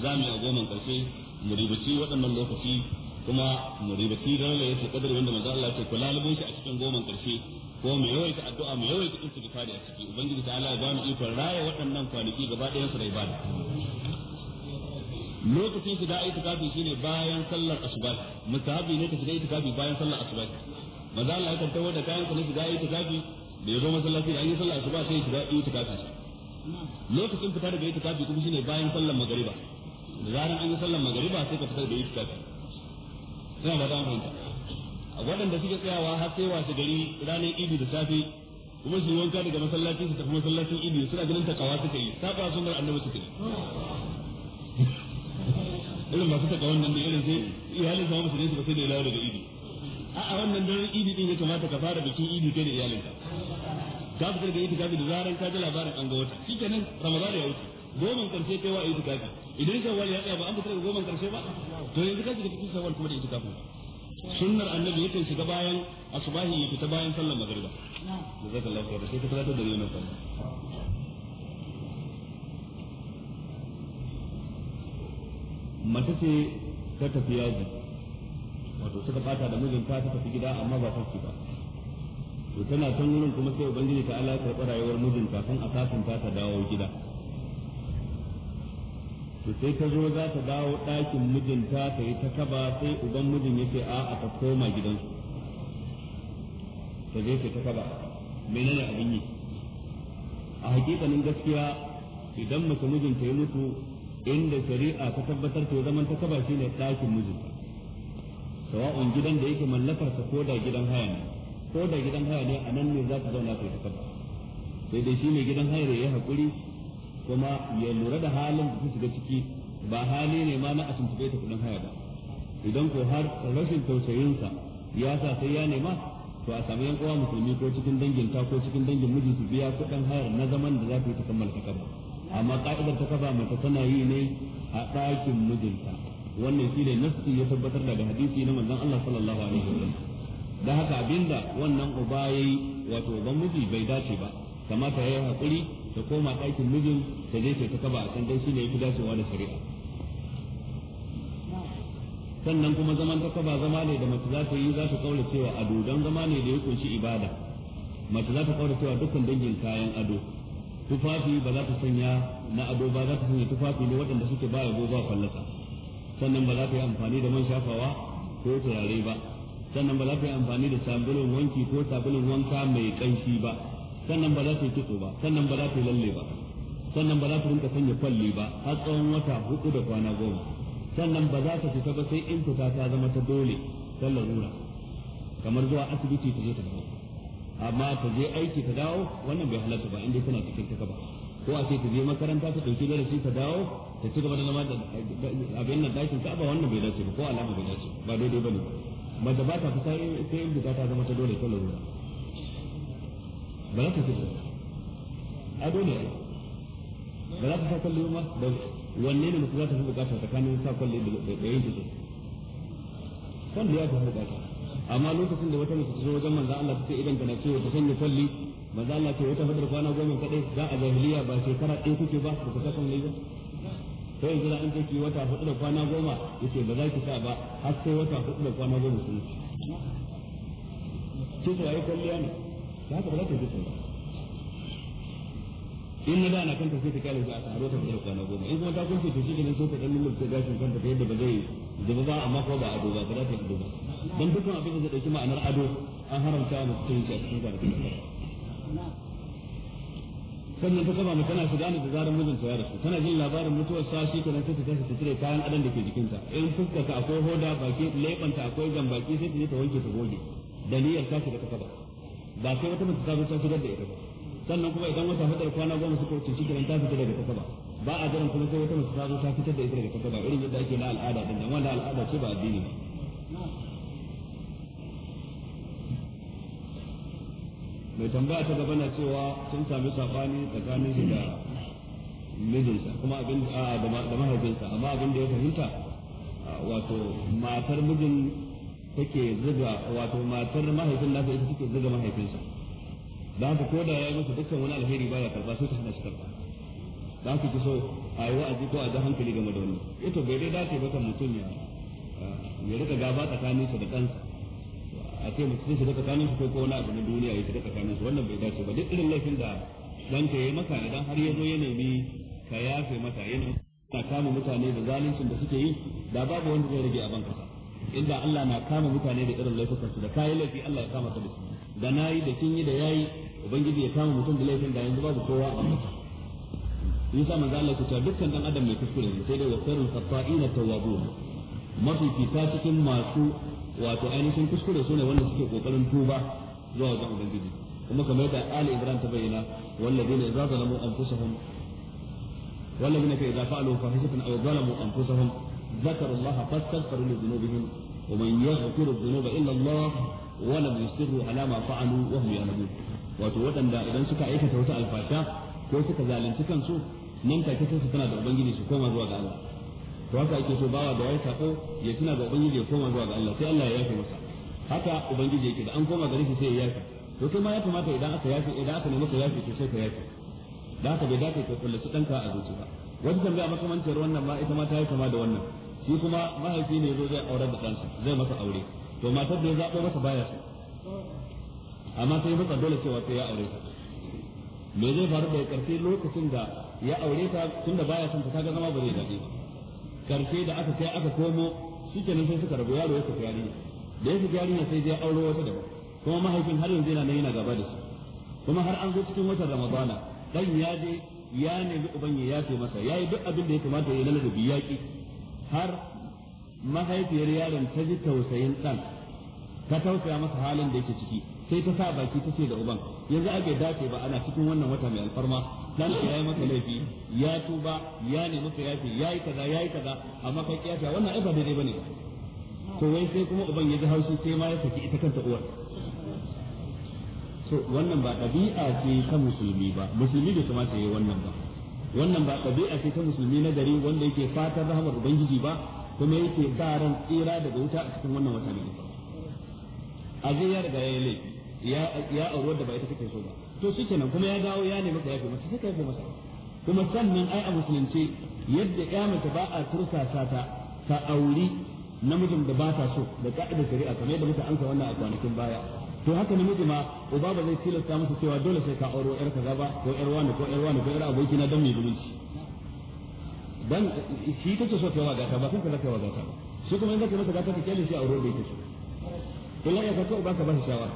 za mu yi a goman karshe mu ribaci waɗannan lokaci kuma mu ribaci dole yake kadar wanda manzo Allah ya ce kula lubun shi a cikin goman karshe ko mu yawaita addu'a mu yawaita istighfari a ciki ubangiji ta Allah ya ba mu ikon raya waɗannan kwanaki gaba ɗayan su da ibada lokacin su shiga itikafi shine bayan sallar asuba mustahabi ne ka shiga itikafi bayan sallar asuba maza Allah ya tantawo da kayan ka na da itikafi da ya zo masallaci da an yi sallar asuba sai su shiga itikafi lokacin fita daga itikafi kuma shine bayan sallar magariba da zaran an yi sallar magariba sai ka fita daga itikafi ina ba da fahimta waɗanda suka tsayawa har sai wasu gari ranar idi da safe kuma su wanka daga masallaci su tafi masallacin idi suna ganin takawa suka yi saba sunan annabi suka yi irin masu taka wannan da irin sai iyalin samu su ne su ba sai da ilawa daga idi a'a wannan daren idi din ya kamata ka fara bikin idi kai da iyalinka ka fitar da kafi da zaran ka ji labarin an ga wata shikenan ramadan ya wuce goman karshe kai wa kafi. idan shawwal ya tsaya ba an fitar da goman karshe ba to yanzu ka shiga cikin shawwal kuma da ita kafi sunnar annabi yakan shiga bayan asubahi ya fita bayan sallar magriba lafa da sai ka tsaya da yana fa mata ce ta tafi yaji wato suka bata da mijinta ta tafi gida amma ba sarki ba to tana son wurin kuma sai ubangiji ta ala karɓa rayuwar mijinta kan asasin ta ta dawo gida to sai ta zo za ta dawo ɗakin mijinta ta yi ta kaba sai uban mijin ya ce a'a ta koma gidansu ta je ta kaba menene abin yi a hakikanin gaskiya idan mace ta yi mutu inda shari'a ta tabbatar to zaman ta kaba shine ɗakin mijinta sawa'un gidan da yake mallakar ta ko da gidan haya ne ko da gidan haya ne a nan ne za ta zauna ta kaba sai dai shi ne gidan haya ya haƙuri kuma ya lura da halin da shiga ciki ba hali ne ma na a tuntube ta kudin haya ba idan ko har rashin tausayinsa ya sa sai ya nema to a sami yan uwa musulmi ko cikin dangin ta ko cikin dangin miji su biya kudin hayar na zaman da za ta yi ta kammala ta kaba amma ka'idar ta kaba mata tana yi ne a ɗakin mijinta wannan shi ne nafsi ya tabbatar daga hadisi na manzon Allah sallallahu alaihi wasallam da haka abinda wannan uba yayi wato uban miji bai dace ba kamata yayi hakuri ta koma ɗakin mijin ta je ta kaba a can ne shine yafi dacewa da shari'a sannan kuma zaman ta kaba zama ne da mace za ta yi za ta kaura cewa ado don zama ne da ya kunshi ibada mace za ta kaura cewa dukkan dangin kayan ado tufafi ba za ta sanya na ado ba za ta sanya tufafi ne waɗanda suke ba yabo ba fallasa sannan ba za ta yi amfani da man shafawa ko turare ba sannan ba za ta yi amfani da sabulun wanki ko sabulun wanka mai kanshi ba sannan ba za ta yi kitso ba sannan ba za ta yi lalle ba sannan ba za ta rinka sanya kwalli ba har tsawon wata hudu da kwana goma sannan ba za ta fita ba sai in fita ta zama ta dole ta larura kamar zuwa asibiti ta je ta dawo amma ta je aiki ta dawo wannan bai halatta ba inda tana cikin ta ba ko a ce ta je makaranta ta dauki darasi ta dawo ta ci gaba da zama da abin nan dakin ta ba wannan bai dace ba ko alama bai dace ba daidai bane ba da ba ta fita sai in fita ta zama ta dole ta larura ba za ka ce ba ado ne ba za ka sa kwallo ma ba wanne ne mutum za ta fi bukata tsakanin sa kwallo da yin kitso kwallo ya fi bukata amma lokacin da wata mace ta zo wajen manzo Allah ta ce idan kana ce ta sanya kwalli manzo Allah ce wata fadar kwana goma kadai za a jahiliya ba shekara ɗaya kuke ba ba ku sa kwallo ba sai yanzu da an ce ki wata hudu da kwana goma yace ba za ki sa ba har sai wata hudu da kwana goma sun ci. ya yi kwalliya ne. ta haka ba za ta yi ba in na dana kanta sai ta kyale za a taro ta fitar kwana goma in kuma ta kunce to shi ne so ta dan lullube gashin kanta ta yadda ba zai zama ba amma ko ba ado ba ba za ta ado ba don dukkan abin da zai dauki ma'anar ado an haramta mu cikin shi a cikin kwanakin sannan ta kama tana shiga da zarar mijinta ya rasu tana jin labarin mutuwar sa shi kenan sai ta tashi ta cire kayan adan da ke jikinta in fuskarta akwai hoda baki lebanta akwai jambaki sai ta je ta wanke ta goge da niyyar tashi da ta kaba ba sai wata mace ta zo ta shigar da ita ba sannan kuma idan wata fitar kwana goma suka wuce shikenan ta fi daga kasa ba ba a jiran kuma sai wata mace ta zo ta fitar da ita daga kasa ba irin yadda ake na al'ada din da da al'ada ce ba addini ba mai tambaya ta gaba na cewa sun sami sabani tsakanin shi da mijinsa kuma abin da mahaifinsa amma abin da ya fahimta wato matar mijin take zuga wato matar mahaifin nasa ita take zuga mahaifinsa da haka ko da ya yi musu dukkan wani alheri baya karba sai ta hana shi karba da haka ki so a yi wa'azi ko a ji hankali game da wani ita eh bai dai dace ba ta mutum ya ya rika gaba tsakaninsa da kansa a ce mutum shiga tsakanin su ko ko wani abu na duniya ya shiga tsakanin su wannan bai dace ba duk irin laifin da ɗanka ya yi maka idan har ya zo ya nemi ka yafe mata yana kama mutane da zaluncin da suke yi da babu wanda zai rage a bankasa inda Allah na kama mutane da irin laifukan su da kayi laifi Allah ya kama ka da su da nayi da kin yi da yayi ubangiji ya kama mutum da laifin da yanzu babu kowa a mata sa manzo Allah ya dukkan dan adam mai kuskure ne sai dai wa sarrul khata'ina tawwabun mafi fita cikin masu wato ainihin kuskure sune wanda suke kokarin tuba zuwa ga ubangiji kuma kamar yadda Ali Ibrahim ta bayyana wallazina idza zalamu anfusahum والذين idza fa'alu fahishatan aw zalamu anfusahum ذكروا الله فاستغفروا لذنوبهم ومن يغفر الذنوب إلا الله ولم يصروا على ما فعلوا وهم يعلمون wato waɗanda idan suka aikata wata alfasha ko suka zalunci kansu nan take sai su tana da ubangiji su koma zuwa ga Allah to haka ake so bawa da wai sako ya tuna ga ubangiji ya koma zuwa ga Allah sai Allah ya yafe masa haka ubangiji yake da an koma gare shi sai ya yafe to kai ya kamata idan aka yafe idan aka ka yafe sai ka yafe da bai dace ka kullace danka a wani tambaya makamantar wannan ma ita ma ta yi kama da wannan shi kuma mahaifi ne zo zai aurar da kansa zai masa aure to matar da ya zaɓo masa baya su amma sai masa dole cewa sai ya aure ta me zai faru da karfe lokacin da ya aure ta da baya son ta kaga zama ba zai daɗe karfe da aka kai aka komo shikenan sai suka rabu yaro ya tafi yarinya da ya tafi yarinya sai ya aure wata daban kuma mahaifin har yanzu yana nan yana gaba da su kuma har an zo cikin watan ramadana dan ya je ya nemi uban ya ce masa ya duk abin da ya kamata ya nuna bi yaƙi har mahaifiyar yaron ta ji tausayin ɗan ta tausaya masa halin da yake ciki sai ta sa baki ta ce da uban yanzu ake dace ba ana cikin wannan wata mai alfarma dan ya yi maka laifi ya tuba ya nemi ka yafi ya kaza ya kaza amma kai kiyaye wannan ai ba daidai bane to wai sai kuma uban ya ji haushi sai ma ya saki ita kanta uwar so wannan ba ɗabi'a ce ta musulmi ba musulmi bai kamata yi wannan ba wannan ba ɗabi'a ce ta musulmi na gari wanda yake fatan rahamar ubangiji ba kuma yake sa ran tsira daga wuta a cikin wannan wata ne a zai ya riga yayi laifi ya ya aure da ba ita kake so ba to shikenan kuma ya dawo ya nemi ka yafe masa sai ka masa kuma sannan ai a musulunci yadda ya mace ba a tursasa ta ta auri namijin da ba ta so da ka'idar shari'a kamar yadda muka ansa wannan a kwanakin baya to haka namiji ma uba ba zai tilasta masa cewa dole sai ka auro yar kaza ba ko yar wani ko yar wani ko yar aboki na dan mai zumunci dan shi kake so kaiwa gata ba kanka zaka yi gata ba shi kuma in zaka masa gata ka kyale shi auro bai kace to la ya ka uba ka ba shi shawara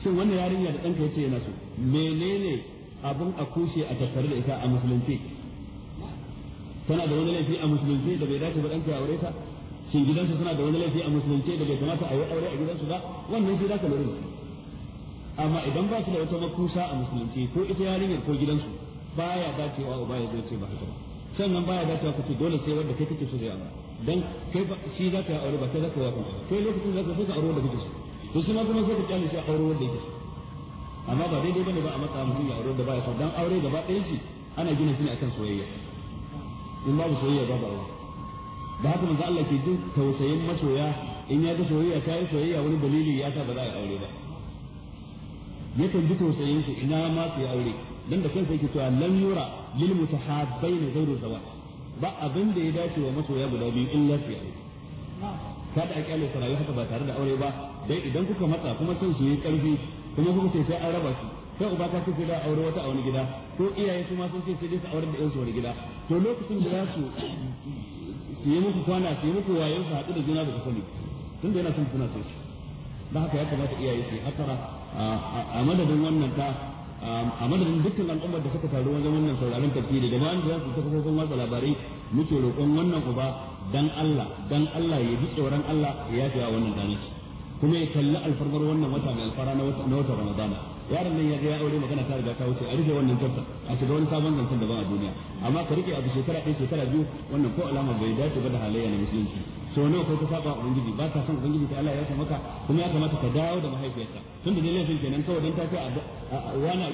shin wannan yarinya da danka yace yana so menene abun a kushe a tattare da ita a musulunci tana da wani laifi a musulunci da bai dace ba danka ya aure ta shin gidansu suna da wani laifi a musulunce da bai kamata a yi aure a gidansu ba wannan sai zaka lura amma idan ba su da wata makusa a musulunce ko ita yarinyar ko gidansu baya dacewa uba ya zai ce ba haka ba sannan baya dacewa ku ce dole sai wanda kai kake so zai amma dan kai ba shi zaka aure ba kai zaka yi kai lokacin zaka so ka aure da kake so to shi ma kuma sai ka kyale shi aure wanda yake so amma ba daidai bane ba a matsa mutum ya aure da baya so dan aure gaba ɗayan shi ana gina shi ne akan soyayya in babu soyayya babu aure da haka manzo Allah ke jin tausayin masoya in ya ga soyayya ta yi soyayya wani dalili ya sa ba za a aure ba yakan ji tausayin su ina ma su yi aure dan da kansa yake cewa lam yura lil mutahabbaina ghayru zawaj ba abin da ya dace wa masoya guda biyu illa su yi aure kada a kyale sarayi haka ba tare da aure ba dai idan kuka matsa kuma son su yi karfi kuma kuka ce sai an raba su sai uba ta ce da aure wata a wani gida ko iyaye su ma sun ce sai dai su aure da yansu wani gida to lokacin da za su su yi muku kwana su yi muku waye su haɗu da juna da su tunda yana son suna son shi da haka ya kamata iyaye su hakara a madadin wannan ta a madadin dukkan al'ummar da suka taru wajen wannan sauraron tafsiri da bayan da su ta kafofin watsa labarai muke roƙon wannan uba dan Allah dan Allah ya bi tsoron Allah ya yafe wa wannan zalunci kuma ya kalli alfarmar wannan wata mai alfara na wata Ramadana yaron nan ya ga ya aure magana ta riga ta wuce a rufe wannan kafta a shiga wani sabon zancen daban a duniya amma ka rike abu shekara ɗaya shekara biyu wannan ko alama bai dace ba da halayya na musulunci so nawa kai ka saba ubangiji ba ka san ubangiji ta Allah ya san maka kuma ya kamata ka dawo da mahaifiyarka tun da dai laifin kenan kawai dan ta ce wani a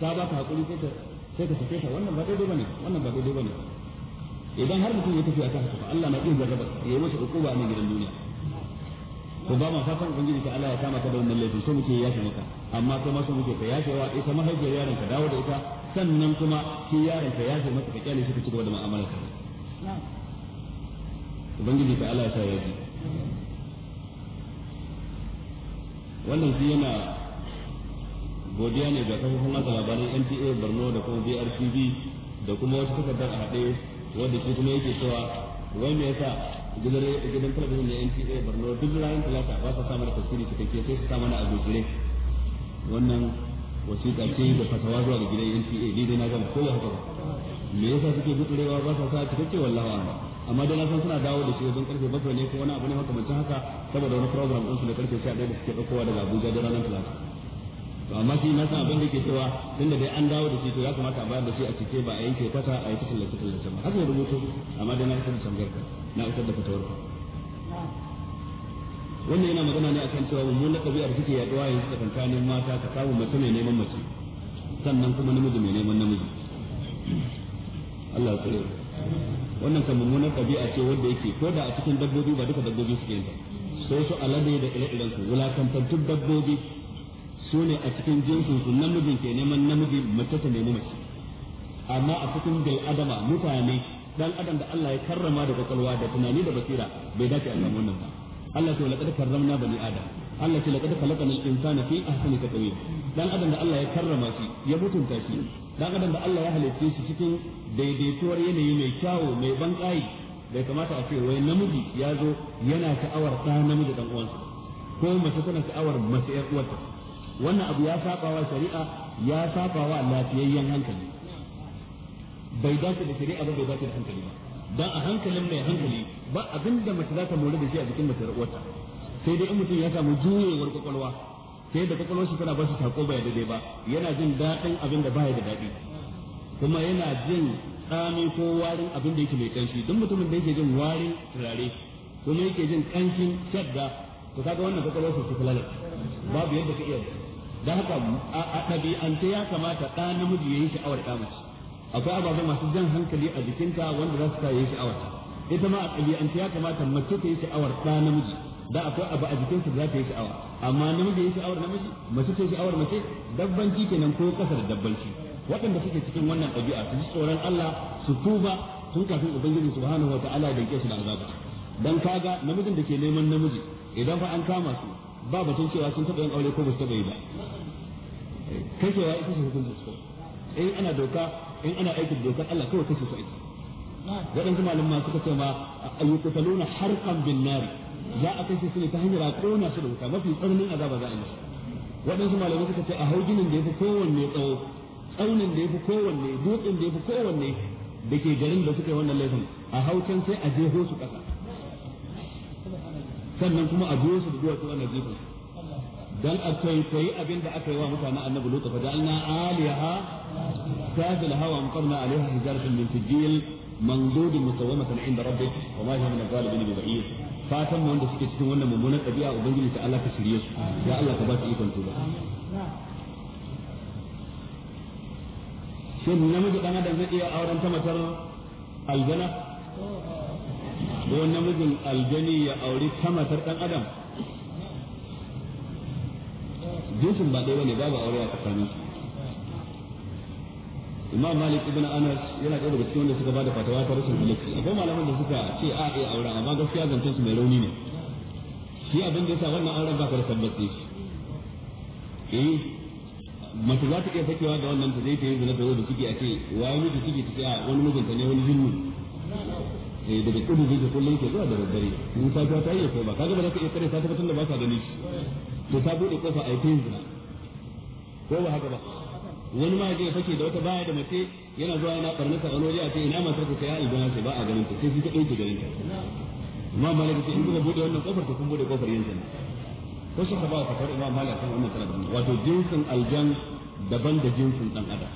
ta ba ka hakuri sai ka sai ka sake ta wannan ba daidai bane wannan ba daidai bane idan har mutum ya tafi a kan haka Allah na iya jarraba ya yi masa hukuma a gidan duniya ko ba ma fatan ubangiji ta Allah ya kama ta da wannan laifin sai muke ya shi maka amma kai masa muke ka yashe wa ita mahaifiyar yaron ka dawo da ita sannan kuma shi yaron ka yashe masa ka kyale shi ka ci gaba da mu'amalar ka ubangiji ta Allah ya sa yaji wannan shi yana godiya ne ga kafofin watsa labarai NTA Borno da kuma BRTV da kuma wasu takardar a haɗe wanda shi kuma yake cewa wai me yasa gidan talabijin na NTA Borno duk ranar talata ba sa samun tafsiri cikakke sai su sa mana a gogire wannan wasiƙa ce da fatawa zuwa ga gidan NPA ni dai na gama ko ya haka me yasa suke gutsurewa ba sa sa cikakke wallahi a'lam amma dai na san suna dawo da shi wajen karfe bakwai ne ko wani abu ne makamancin haka saboda wani program ɗinsu da karfe 11 da suke ɗaukowa daga Abuja da ranar Talata to amma shi na san abin da ke cewa tunda dai an dawo da shi to ya kamata a bayar da shi a cike ba a yanke kwata a yi tattallace tallace ba haka ya rubuto amma dai na isar da tambayar ka na isar da fatawar ka wannan yana magana ne akan cewa mummunan ɗabi'ar suke yaɗuwa yanzu tsakanin mata ka samu mace mai neman mace sannan kuma namiji mai neman namiji Allah ya tsare wannan kan mummunan ɗabi'a ce wanda yake ko da a cikin dabbobi ba duka dabbobi suke yin ba sai su alade da ire-iren su wulakantattun dabbobi su ne a cikin jinsin su namijin ke neman namiji mace ta nemi mace amma a cikin bil adama mutane dan adam da Allah ya karrama da kwakwalwa da tunani da basira bai dace a samu wannan ba Allah ce laqad karramna bani adam Allah ce laqad khalaqna al-insana fi ahsani taqwim dan adam da Allah ya karrama shi ya mutunta shi dan adam da Allah ya halitta shi cikin daidaituwar yanayi mai kyawu mai ban kai bai kamata a ce wai namiji ya zo yana sha'awar ta namiji dan uwansa ko mace tana sha'awar mace ƴar uwarta wannan abu ya sabawa shari'a ya sabawa lafiyayyen hankali bai dace da shari'a ba bai dace da hankali ba dan a hankalin mai hankali ba abin da mace za ta mori da shi a jikin mace uwarta sai dai in mutum ya samu juyewar kwakwalwa sai da kwakwalwar shi tana ba shi sako bai daidai ba yana jin daɗin abin da baya da daɗi kuma yana jin tsami ko warin abin da yake mai kanshi duk mutumin da yake jin warin turare kuma yake jin kanshin shadda to kaga wannan kwakwalwar sa ta lalata babu yadda ka iya da haka a ɗabi'ance ya kamata ɗa namiji ya yi sha'awar ɗa mace akwai ababen masu jan hankali a jikinta wanda za su sa yi sha'awar ita ma a ɗabi'ance ya kamata mace ta yi sha'awar ɗa namiji da akwai abu a jikinsa za ta yi sha'awa amma namiji yi sha'awar namiji mace ta yi sha'awar mace dabban dabbanci kenan ko kasa da dabbanci waɗanda suke cikin wannan ɗabi'a su ji tsoron Allah su tuba tun kafin ubangiji subhanahu wataala ya danke su da azaba dan kaga namijin da ke neman namiji idan fa an kama su ba batun cewa sun taɓa yin aure ko ba su taɓa yi ba eh, kai cewa ita ce hukuncin su in eh, ana doka in ana aikin dokar Allah kawai kace su aiki waɗansu malama suka ce ma yuqtaluna harqan bin nar za a kashe su ne ta hanyar a kona su da wuta mafi tsananin azaba za a yi waɗansu malamai suka ce a haujinin da yafi kowanne tsawo tsaunin da yafi kowanne dutsen da yafi kowanne da ke garin da suka yi wannan laifin a haucan sai a jeho su ƙasa sannan kuma a biyo su da duwatsu ana jefin su dan a kwaikwayi abin da aka yi wa mutane annabi lutu fa ja'alna aliha sajil hawa qarna alaiha hijaratan min sijil mandud musawamatan inda rabbik wa ma hiya min al-zalimin bi ba'id fatan wanda suke cikin wannan mummunan ɗabi'a ubangiji ta Allah ka shirye su ya Allah ka ba su ikon tuba shin namiji dan adam zai iya auren ta matar aljana ko namijin aljani ya auri ta matar dan adam jinsin ba ɗaya bane babu aure a tsakanin su imam malik ibn anas yana ɗaya daga cikin wanda suka bada fatawa ta rashin halacci akwai malaman da suka ce a a auren amma gaskiya zancen su mai rauni ne shi abin da yasa wannan auren ba ka da tabbaci eh mace za ta iya sakewa da wannan ta zai ta yi zina ta da ciki a ce waye miji ciki ta ce a wani mijinta ne wani jinni eh daga kudu zai ta kullum ke zuwa da daddare in ta ta yi ko ba kaga ba za ka iya kare ta tabbatar da ba ka gani shi to ta bude kofa a yi zina ko ba haka ba wani ma je fake da wata baya da mace yana zuwa yana karnata a waje a ce ina matar ta ya albana sai ba a ganin ta sai shi ta dauke garin ta amma malaka ce in kuma bude wannan kofar ta kun bude kofar yin zina ko shi ka ba ka faɗi imam malaka kan wannan sanadin wato jinsin aljan daban da jinsin dan adam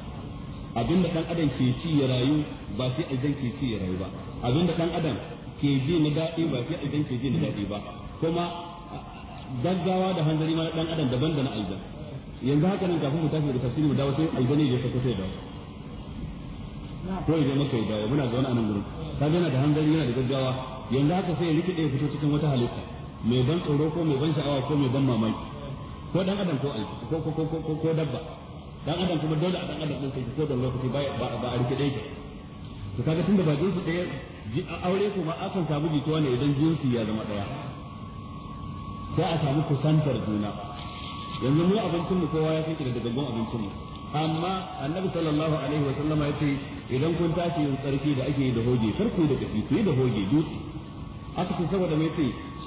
abinda dan adam ke ci ya rayu ba sai aljan ke ci ya rayu ba abinda dan adam ke ji na daɗi ba sai aljan ke ji na daɗi ba kuma gaggawa da hanzari ma dan adam daban da na aljan yanzu haka nan kafin mu tafi da tafsiri mu dawo sai aljan ne ya sako sai dawo ko idan muka yi dawo muna zaune a nan gurin ka yana da hanzari yana da gaggawa yanzu haka sai ya rikide ya fito cikin wata halitta mai ban tsoro ko mai ban sha'awa ko mai ban mamaki ko dan adam ko ko ko ko ko dabba dan adam kuma dole a dan adam din sai ko dan lokaci ba ba a rikide yake to kaga tunda ba jinsi ɗaya aure kuma akan samu jituwa ne idan jinsi ya zama ɗaya sai a samu kusantar juna yanzu mu abincin mu kowa ya fi kira da dagaggun abincin mu amma annabi sallallahu alaihi wa sallama yace idan kun tashi yin tsarki da ake yi da hoge kar ku da kafi ku yi da hoge dutse haka kun saboda mai ce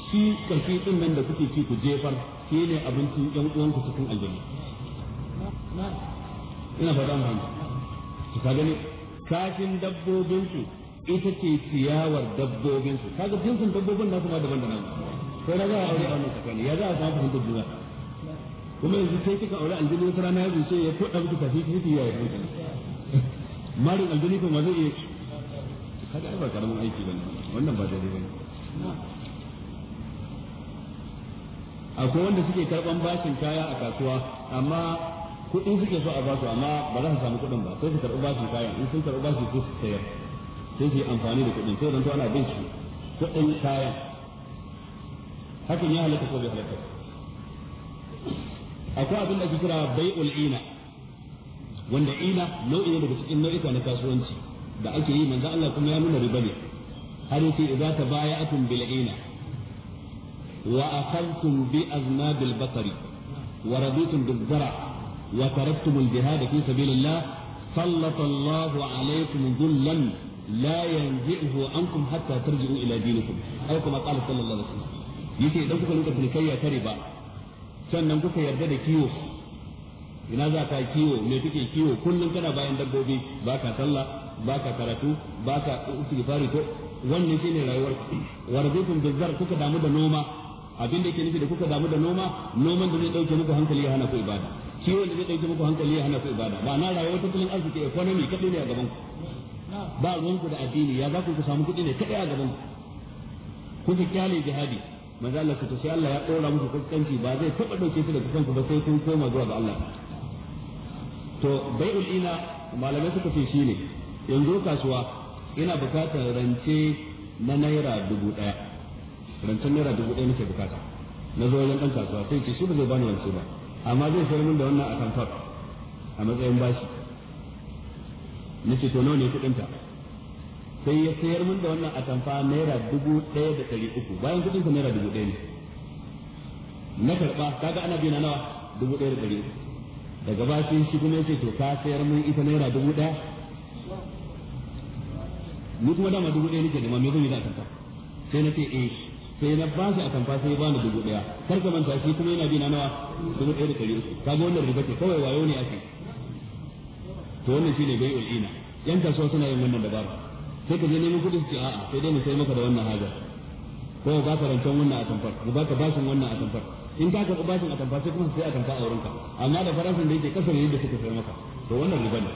shi kafi din nan da kuke ci ku jefar shi ne abincin yan uwanku cikin aljanna ina faɗa mu hanzu ka gani kashin su ita ce ciyawar su kaga jinsin dabbobin na kuma daban da namu sai na za a aure a tsakani ya za a samu fahimtar juna kuma yanzu sai kika aure aljini wata rana ya zuce ya koda miki tafi fiye ya yi marin aljini kuma zai iya kada ba karamin aiki ba wannan ba daidai a akwai wanda suke karɓan bashin kaya a kasuwa amma kuɗin suke so a basu amma ba za su samu kuɗin ba sai su karɓi bashin kayan in sun karɓi bashin su sayar sai su yi amfani da kuɗin sai zanto ana bin su kuɗin kayan hakan ya halatta ko bai halatta akwai abin da ake kira bai'ul ina wanda ina nau'i ne daga cikin nau'ika na kasuwanci da ake yi manzo Allah kuma ya nuna riba ne har yace idza tabaya'atum bil ina wa akhadtum bi aznabil baqari wa raditum bil zara wa taraktum al jihad fi sabilillah sallata Allah alaykum dhullan la yanzihu ankum hatta tarji'u ila dinikum aw kama qala sallallahu alaihi wasallam yace idan kuka luka tilkayya kare ba sannan kuka yarda da kiwo ina za ka kiwo me kuke kiwo kullum kana bayan dabbobi ba ka sallah ba ka karatu ba ka istighfari ko wannan shine rayuwar warzukum bizar kuka damu da noma abin da yake nufi da kuka damu da noma noman da zai dauke muku hankali ya hana ku ibada kiwon da zai dauke muku hankali ya hana ku ibada ba na rayuwar tattalin arziki economy kadai ne a gaban ku ba ku da addini ya za ku ku samu kuɗi ne kadai a gaban ku kuka kyale jihadi manzo Allah to sai Allah ya ɗora musu kaskanci ba zai taɓa ɗauke su daga kanku ba sai kun koma zuwa ga Allah to bai ulina malamai suka ce shine yanzu kasuwa ina bukatar rance na naira dubu ɗaya. rancen naira dubu ɗaya nake bukata na zo wajen ɗan kasuwa sai ce shi ba zai bani rance ba amma zai sayar min da wannan a akan a matsayin bashi nace to nawa ne kuɗinta? ta sai ya sayar min da wannan atamfa naira dubu ɗaya da ɗari uku bayan kuɗin sa naira dubu ɗaya ne na karɓa kaga ana na nawa dubu ɗaya da ɗari uku daga ba shi kuma yace to ka sayar mun ita naira dubu ɗaya ni kuma dama dubu ɗaya nake da me zan yi da atamfa sai na ce eh sai na ba shi atamfa sai ya bani dubu ɗaya kar ka manta shi kuma yana na nawa dubu ɗaya da ɗari uku kaga wannan riba ce kawai wayo ne ake to wannan shine bai ulina yan kasuwa suna yin wannan dabara sai ka je neman kuɗi ce a'a sai dai mu sai maka da wannan hajar ko ba ka rancen wannan atamfar ko ba ka bashin wannan atamfar in ka karɓi bashin atamfar sai kuma sai tamfa a wurinka amma da farashin da yake kasar yadda suka sai maka to wannan riba ne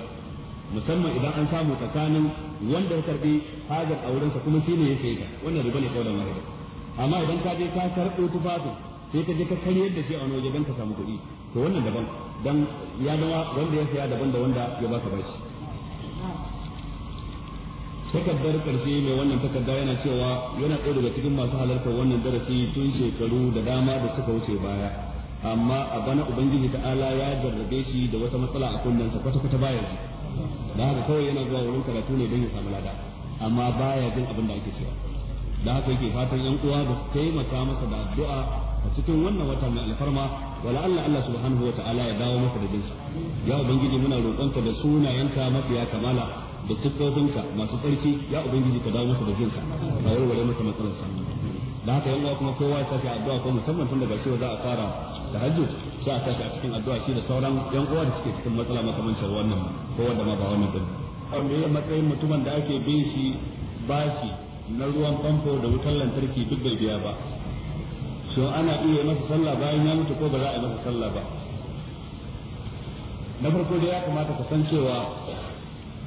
musamman idan an samu tsakanin wanda ya karɓi hajar a wurinsa kuma shi ne ya sai ka wannan riba ne kawai da mahaifa amma idan ka je ka karɓo tufafin sai ka je ka karyar da shi a wani waje don ka samu kuɗi to wannan daban dan ya zama wanda ya saya daban da wanda ya baka bashi takardar karshe mai wannan takarda yana cewa yana ɗaya daga cikin masu halartar wannan darasi tun shekaru da dama da suka wuce baya amma a bana ubangiji ta ala ya jarrabe shi da wata matsala a kunnensa kwata kwata baya ji da haka kawai yana zuwa wurin karatu ne don ya samu lada amma baya jin abin da ake cewa da haka yake fatan yan uwa da su taimaka masa da addu'a a cikin wannan wata mai alfarma wala Allah Allah subhanahu wa ta'ala ya dawo masa da jinsa ya ubangiji muna roƙonka da sunayenka mafiya kamala da siffofinka masu tsarki ya ubangiji ka dawo masa da jinka ka warware masa matsalarsa da haka yan kuma kowa ya tafi addu'a ko musamman tun daga cewa za a fara tahajjud sai a tafi a cikin addu'a shi da sauran yan uwa da suke cikin matsala makamancin wannan ko wanda ma ba wannan din amma matsayin mutumin da ake bin shi bashi na ruwan famfo da wutar lantarki duk bai biya ba so ana iya masa sallah bayan ya mutu ko ba za a yi masa sallah ba na farko dai ya kamata ka san cewa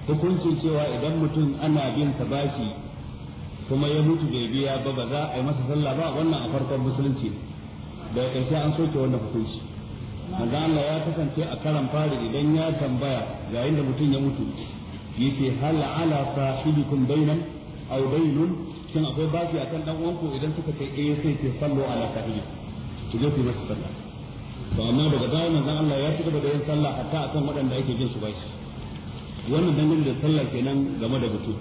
hukuncin cewa idan mutum ana bin sa bashi kuma ya mutu bai biya ba ba za a yi masa sallah ba wannan a farkon musulunci da ƙarshe an soke wannan hukunci manzo Allah ya kasance a karan fari idan ya tambaya yayin da mutum ya mutu yace hal ala sahibikum bainan aw bainun shin akwai bashi akan dan uwanku idan suka kai eh sai ce sallu ala sahibikum su je ku masa sallah to amma daga bayan manzon Allah ya ci daga da yin sallah hatta akan waɗanda ake bin su bashi wannan dangin da sallah kenan game da batu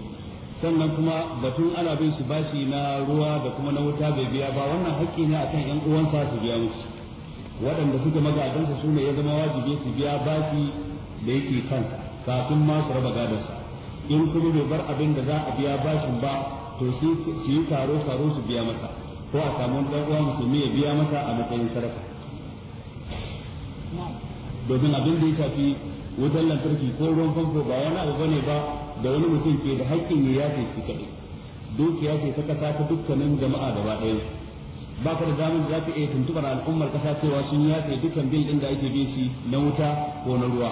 sannan kuma batun ana bin su bashi na ruwa da kuma na wuta bai biya ba wannan haƙƙi ne akan yan uwansa su biya musu waɗanda suke magadansa su ne ya zama wajibi su biya bashi da yake kan kafin ma su raba gadansa in kuma bai bar abin da za a biya bashin ba to su yi taro taro su biya masa ko a samu ɗan uwa musulmi ya biya masa a matsayin sarrafa domin abin da ya shafi wutar lantarki ko ruwan famfo ba wani abu bane ba da wani mutum ke da haƙƙin ya yafe shi kaɗai dukiya ce ta kasa ta dukkanin jama'a gaba ɗaya ba ka da damar za ka iya tuntuɓar al'ummar kasa cewa sun yafe dukkan bil ɗin da ake bin shi na wuta ko na ruwa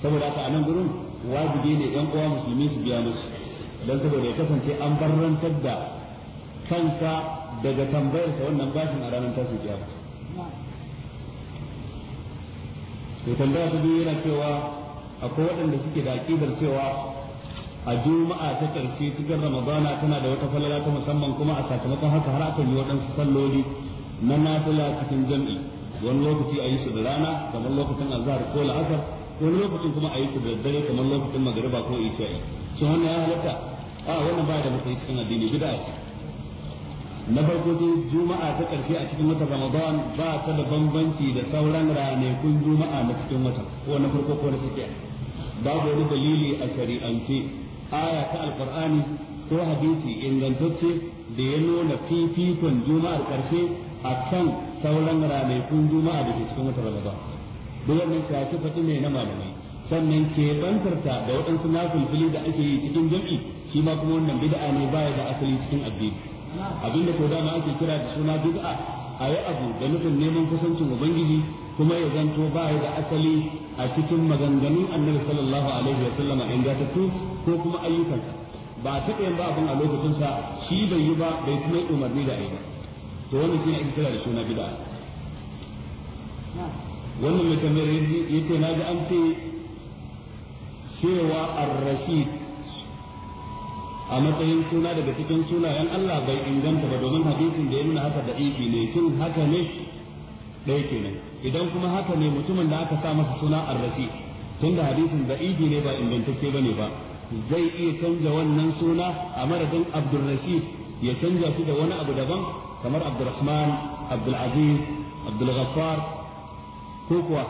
saboda haka a nan gurin wajibi ne ɗan uwa musulmi su biya musu don saboda ya kasance an barrantar da kansa daga tambayarsa wannan bashin a ranar tashin to tambaya ta biyu yana cewa akwai waɗanda suke da aƙidar cewa a juma'a ta ƙarshe cikin ramadana tana da wata falala ta musamman kuma a sakamakon haka har aka yi waɗansu salloli na nafila cikin jam'i wani lokaci a yi su da rana kamar lokacin azhar ko la'asar wani lokacin kuma a yi su da dare kamar lokacin magariba ko isha'i su wannan ya halatta a wannan ba da mutane cikin addini bid'a ce na farko dai juma'a ta karshe a cikin wata ramadan ba ta da bambanci da sauran ranakun juma'a na cikin wata ko na farko ko na ba babu wani dalili a shari'ance aya ta alqur'ani ko hadisi ingantacce da ya nuna fifikon juma'ar karshe a kan sauran ranakun juma'a da ke cikin wata ramadan duk wannan shafi faɗi ne na malamai sannan ke bantarta da waɗansu nafilfili da ake yi cikin jam'i shi ma kuma wannan bid'a ne baya da asali cikin addini abinda ko dama ake kira da suna bid'a a yi abu da nufin neman kusancin ubangiji kuma ya zanto ba da asali a cikin maganganun annabi sallallahu alaihi wa sallam ingantattu ko kuma ayyukansa ba ta yin ba abin a lokacin sa shi bai yi ba bai kuma yi umarni da aiki to wannan ne ake kira da suna bid'a wannan mai tambayar yake na ji an ce cewa ar-rashid a matsayin suna daga cikin sunayen Allah bai inganta ba domin hadisin da ya nuna haka da ibi ne tun haka ne ɗaya kenan idan kuma haka ne mutumin da aka sa masa suna arrafi tun da hadisin da ibi ne ba ingantacce ba ne ba zai iya canza wannan suna a madadin abdulrashid ya canza shi da wani abu daban kamar abdulrahman abdulaziz abdulghaffar ko kuwa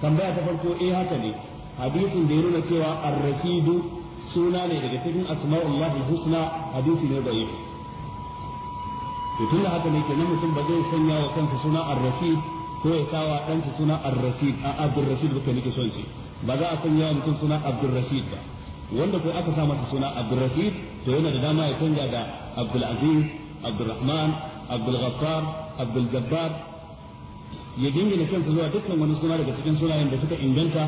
tambaya ta farko eh haka ne hadisin da ya nuna cewa arrashidu suna ne daga cikin asma'ullahi husna hadisi ne da yake to tun da haka ne kenan mutum ba zai sanyawa wa kansa suna ar-rashid ko ya sawa ɗansa suna ar-rashid a abdur-rashid ba nake son ba za a sanya wa suna abdur-rashid ba wanda ko aka sa masa suna abdur-rashid to yana da dama ya canja da abdul-aziz abdul-rahman abdul-ghaffar abdul-jabbar ya dingina kansa zuwa dukkan wani suna daga cikin sunayen da suka inganta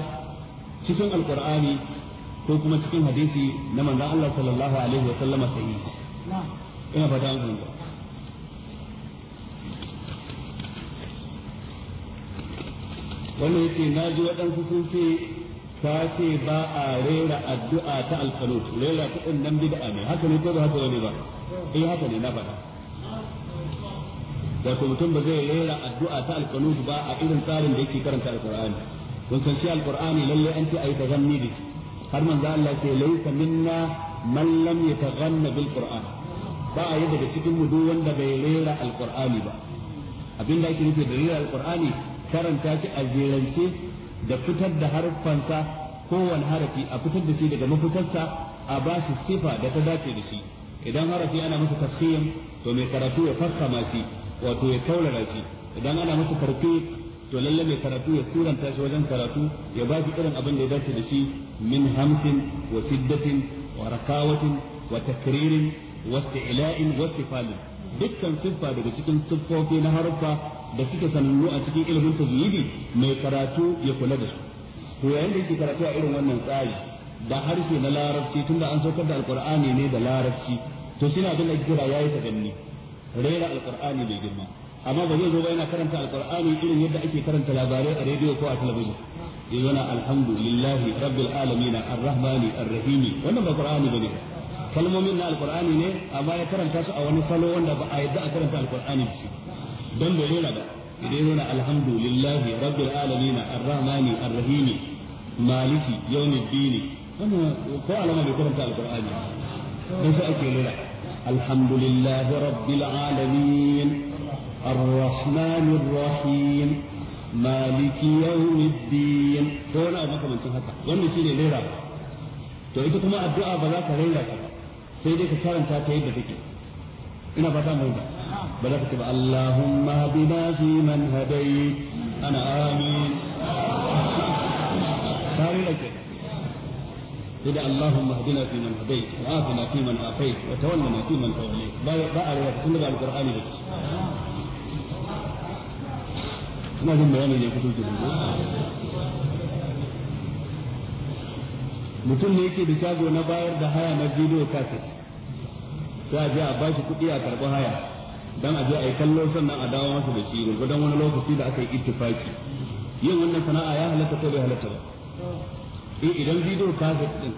cikin alkur'ani. ko kuma cikin hadisi na manzon Allah sallallahu alaihi wa sallama sai ina fata an fahimta wannan yake na ji waɗansu sun ce ka ce ba a rera addu'a ta alqanut rera ta din nan bid'a ne haka ne ko ba haka ne ba eh haka ne na fata? wato mutum ba zai rera addu'a ta alqanut ba a irin tsarin da yake karanta alqur'ani kun san shi alqur'ani lalle an ce ayi tazanni da shi har manzo Allah ce laysa minna man lam yataghanna bil qur'an ba yi daga cikin mu duk wanda bai rera alqur'ani ba da yake nufi da rera alqur'ani karanta shi a jerance da fitar da harfansa kowane harafi a fitar da shi daga mafitarsa a ba shi sifa da ta dace da shi idan harafi ana masa tafsir to mai karatu ya fassama shi wato ya taurara shi idan ana masa karfi to lalle mai karatu ya suranta shi wajen karatu ya ba shi irin abin da ya dace da shi من همس وشدة وركاوة وتكرير واستعلاء واستفال dukkan siffa daga cikin siffofi na haruffa da suke sanannu a cikin ilimin tajwidi mai karatu ya kula da su to yayin da yake karatu a irin wannan tsari da harshe na larabci tunda an saukar da al'kur'ani ne da larabci to suna na abin da kira yayi ta ganni rera alqur'ani mai girma amma ba zai zo ba yana karanta al'kur'ani irin yadda ake karanta labarai a rediyo ko a talabijin يقول الحمد لله رب العالمين الرحمن الرحيم وانما القرآن بني كلمة من القرآن ني أما يكرم تاسو أو نصلو وانا بأيدا آية أكرم تاسو القرآن دم بيهونا با يقول الحمد لله رب العالمين الرحمن الرحيم مالك يوم الدين وانا كو علما بيكرم تاسو القرآن بس أكي الحمد لله رب العالمين الرحمن الرحيم maliki yawmiddin ko wani abu makamancin haka wannan shine rera to ita kuma addu'a ba za ka rera ta sai dai ka karanta ta yadda take ina ba ta mai ba za ka ce ba Allahumma hadina fi man hadayt ana amin tare da إذا اللهم اهدنا فيمن هديت وآتنا فيمن آتيت وتولنا فيمن توليت لا يقرأ عليها في القرآن بس suna jin bayanin ya fito ke mutum ne yake da shago na bayar da haya na bidiyo kafin sai a je a bashi kuɗi a karɓi haya dan a je a yi kallo sannan a dawo masa da shi don wani lokaci da aka yi ittifaki yin wannan sana'a ya halatta ko bai halatta ba eh idan bidiyo kaset din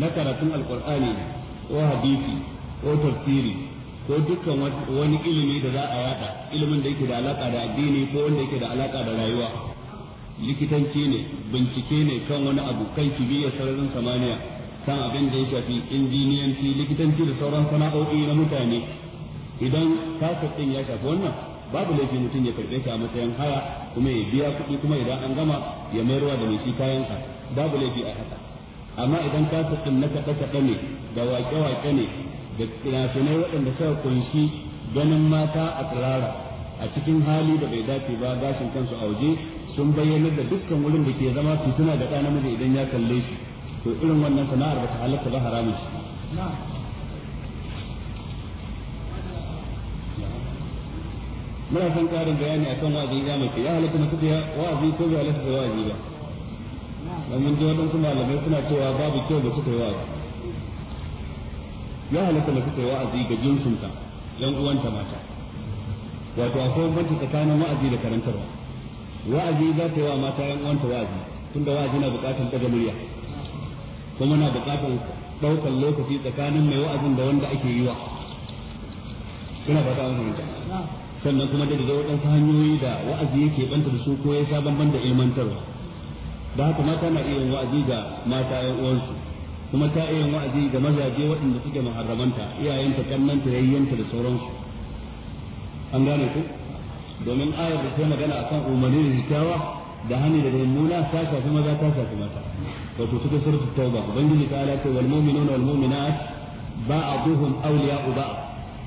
na karatun alqur'ani ko hadisi ko tafsiri ko dukkan wani ilimi da za a yada ilimin da yake da alaka da addini ko wanda yake da alaka da rayuwa likitanci ne bincike ne kan wani abu kan kibiyar sararin samaniya kan abin da ya shafi injiniyanci likitanci da sauran sana'o'i na mutane idan kasar din ya shafi wannan babu laifi mutum ya karɓe shi a matsayin haya kuma ya biya kuɗi kuma idan an gama ya mayarwa da mai shi ka babu laifi a haka amma idan kasar din na kaɗe-kaɗe ne da wake-wake ne da fina waɗanda suka kunshi ganin mata a tsirara a cikin hali da bai dace ba gashin kansu a waje sun bayyana da dukkan wurin da ke zama fituna da ɗa namiji idan ya kalle shi to irin wannan sana'ar ba ta halatta ba haramun shi muna son ƙarin bayani kan wa'azi ya mace ya halatta mace da wa'azi ko bai halatta da wa'azi ba Wani mun ji waɗansu malamai suna cewa babu kyau da suka yi wa'azi ya halatta da kuka yi wa'azi ga jinsunka yan uwanta mata wato akwai banci tsakanin wa'azi da karantarwa wa'azi za ta yi wa mata yan uwanta wa'azi tunda wa'azi na buƙatar daga murya kuma na buƙatar ɗaukar lokaci tsakanin mai wa'azin da wanda ake yi wa kuna fata wani fahimta sannan kuma daga waɗansu hanyoyi da wa'azi yake banta da su ko ya sha banban da ilmantarwa da haka mata na iya wa'azi ga mata yan uwansu kuma ta iya wa'azi ga mazaje waɗanda suke muharramanta iyayenta kannanta yayyanta da sauransu an gane ku domin ayar da ta magana a kan umarni da kyakkyawa da hani da mummuna ta shafi maza ta shafi mata wato cikin suratul tauba ubangiji ta ala ce wal mu'minuna wal mu'minat ba'duhum awliya'u ba'd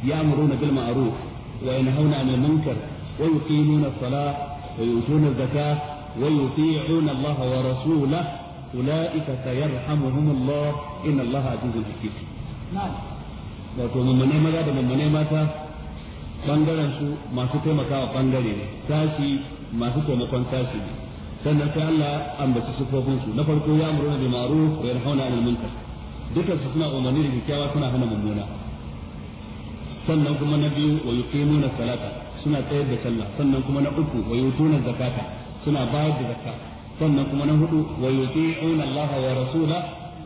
ya'muruna bil ma'ruf wa yanhauna 'anil munkar wa yuqimuna as-salata wa yu'tuna az-zakata wa yuti'una Allah wa rasulahu ulaika sayarhamuhumullah inna allaha azizun hakim wato mummune maza da mummune mata bangaren su masu taimakawa bangare ne tashi masu taimakon tashi ne sannan sai Allah ambaci sufofin su na farko ya amuruna bil ma'ruf wa yanhauna 'anil munkar dukkan suna umarni da kyakkyawa suna hana mummuna sannan kuma na biyu wa yuqimuna salata suna tsayar da sallah sannan kuma na uku wa yutuna zakata suna da sannan kuma na hudu wa yuti'una Allah wa rasula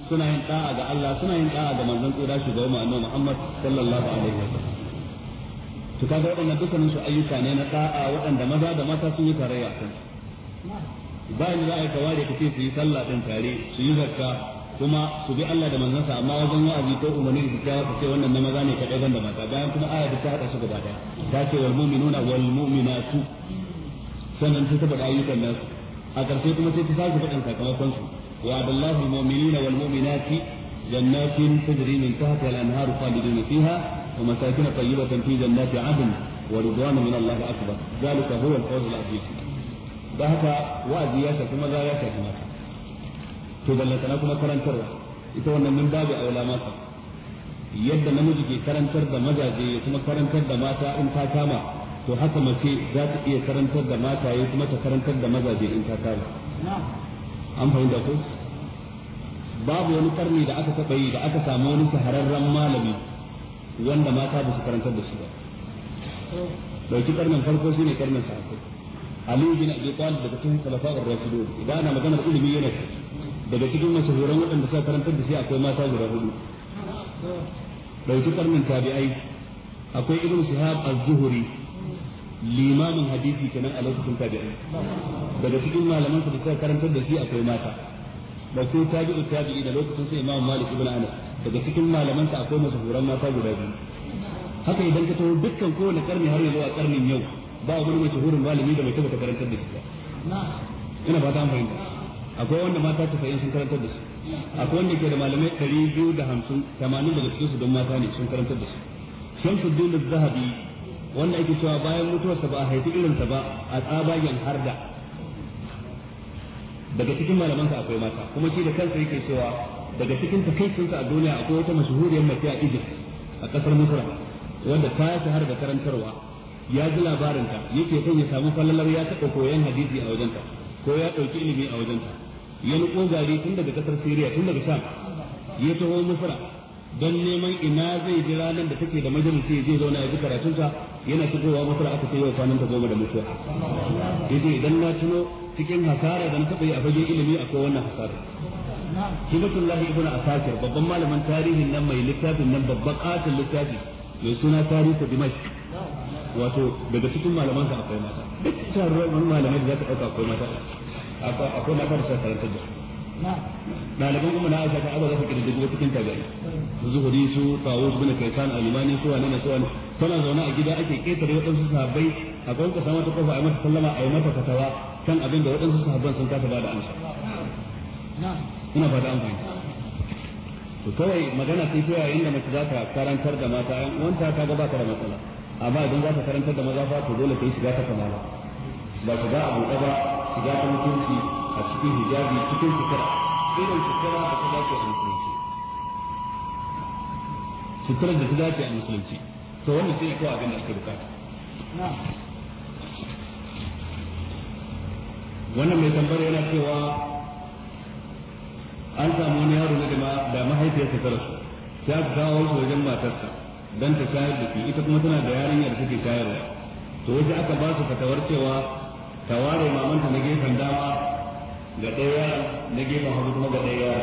suna yin da'a ga Allah suna yin da'a ga manzon shi shugaban annabi Muhammad sallallahu alaihi wasallam to kaga waɗannan dukkanin su ayyuka ne na da'a waɗanda maza da mata sun yi tarayya kan ba ni za a yi kawari ka ce su yi sallah din tare su yi zakka kuma su bi Allah da manzansa amma wajen wa'azi ko umarni da kyawa su ce wannan na maza ne kadai da mata bayan kuma aya da ta hada su gaba daya ta ce wal mu'minuna wal mu'minatu sannan sai ta faɗa ayyukan nasu a ƙarshe kuma sai ta sake faɗin sakamakon su wa adallahu almu'minina wal mu'minati jannatin tajri min tahtiha al-anharu khalidina fiha wa masakin tayyibatan fi jannati 'adn wa ridwanu min Allah akbar zalika huwa al-fawz al-azim da haka wa'azi ya shafi maza ya shafi mata to ballantana kuma karantarwa ita wannan min babu aula mata yadda namiji ke karantar da mazaje ya kuma karantar da mata in ta kama to haka mace za ta iya karantar da mata yi kuma ta karantar da mazaje in ta kare an fahimta ko babu wani karni da aka taɓa yi da aka samu wani shahararren malami wanda mata ba su karantar da shi ba dauki karnin farko shi ne karnin sa'afi Ali bin Abi Talib daga cikin khulafa'ur rasulu idan ana maganar ilimi yana daga cikin mashahuran waɗanda suka karantar da shi akwai mata guda hudu dauki karnin tabi'ai akwai Ibn Shihab az-Zuhri limamin hadisi kenan a lokacin tabi'in daga cikin malaman su da suka karantar da shi akwai mata da su tabi'u tabi'i da lokacin su imam malik ibn anas daga cikin malaman sa akwai mashahuran mata guda biyu haka idan ka taho dukkan kowane karni har yanzu a karnin yau ba wani hurin malami da mai taba ta karantar da shi ba ina ba ta fahimta akwai wanda mata ta fahimta sun karantar da su akwai wanda ke da malamai ɗari biyu da hamsin tamanin daga cikin su don mata ne sun karantar da su shamsuddin zahabi wanda ake cewa bayan mutuwarsa ba a haifi irinsa ba a tsabagen harda daga cikin malamansa akwai mata kuma shi da kansa yake cewa daga cikin takaicinsa a duniya akwai wata mashahuriyar mace a Egypt a kasar Misra wanda ta shahar da karantarwa ya ji labarinta yake son ya samu fallalar ya taɓa koyon hadisi a wajenta ko ya ɗauki ilimi a wajenta ya nuko gari tun daga kasar Syria tun daga Sham ya taho Misra don neman ina zai ji ranar da take da majalisi zai zauna ya ji karatunta yana fitowa masar aka sayo yau kwanan ta goma da mutuwa yace idan na tuno cikin hasara da na taɓa yi a fage ilimi akwai wannan hasara hibatullah ibn asakir babban malamin tarihin nan mai littafin nan babban katin littafi mai suna tarihi dimash wato daga cikin malaman sa akwai mata duk taron malamai da za ka ɗauka akwai mata akwai mata da suka karanta da ɗaliban kuma na aisha ta abu za cikin tabi'i zuhuri su tawo su bin kaisan alimani su wane ne su wane tana zaune a gida ake ketare waɗansu sahabbai a kwanka sama ta kofa a mata sallama a yi mata fatawa kan abin da waɗansu sahabban sun kasa ba da amsa ina ba an amsa. to kawai magana sai ta yayin da mace za ta karantar da mata yan uwanta ta ga ba ta da matsala amma idan za ta karantar da maza fa to dole ta yi shiga ta kamala ba ta ga abu ba shiga ta mutunci a cikin hijabi cikin shekara. irin shekara da ta dace a musulunci sutura da ta dace a musulunci to wani sai ko abin da ake bukata wannan mai tambar yana cewa an samu wani yaro na dama da mahaifiyarsa ta rasu ta kawo su wajen matarsa don ta shayar da shi ita kuma tana da yarinyar da take shayarwa to waje aka ba su fatawar cewa ta ware mamanta na gefen dama ga ɗaya na gefen hagu kuma ga ɗaya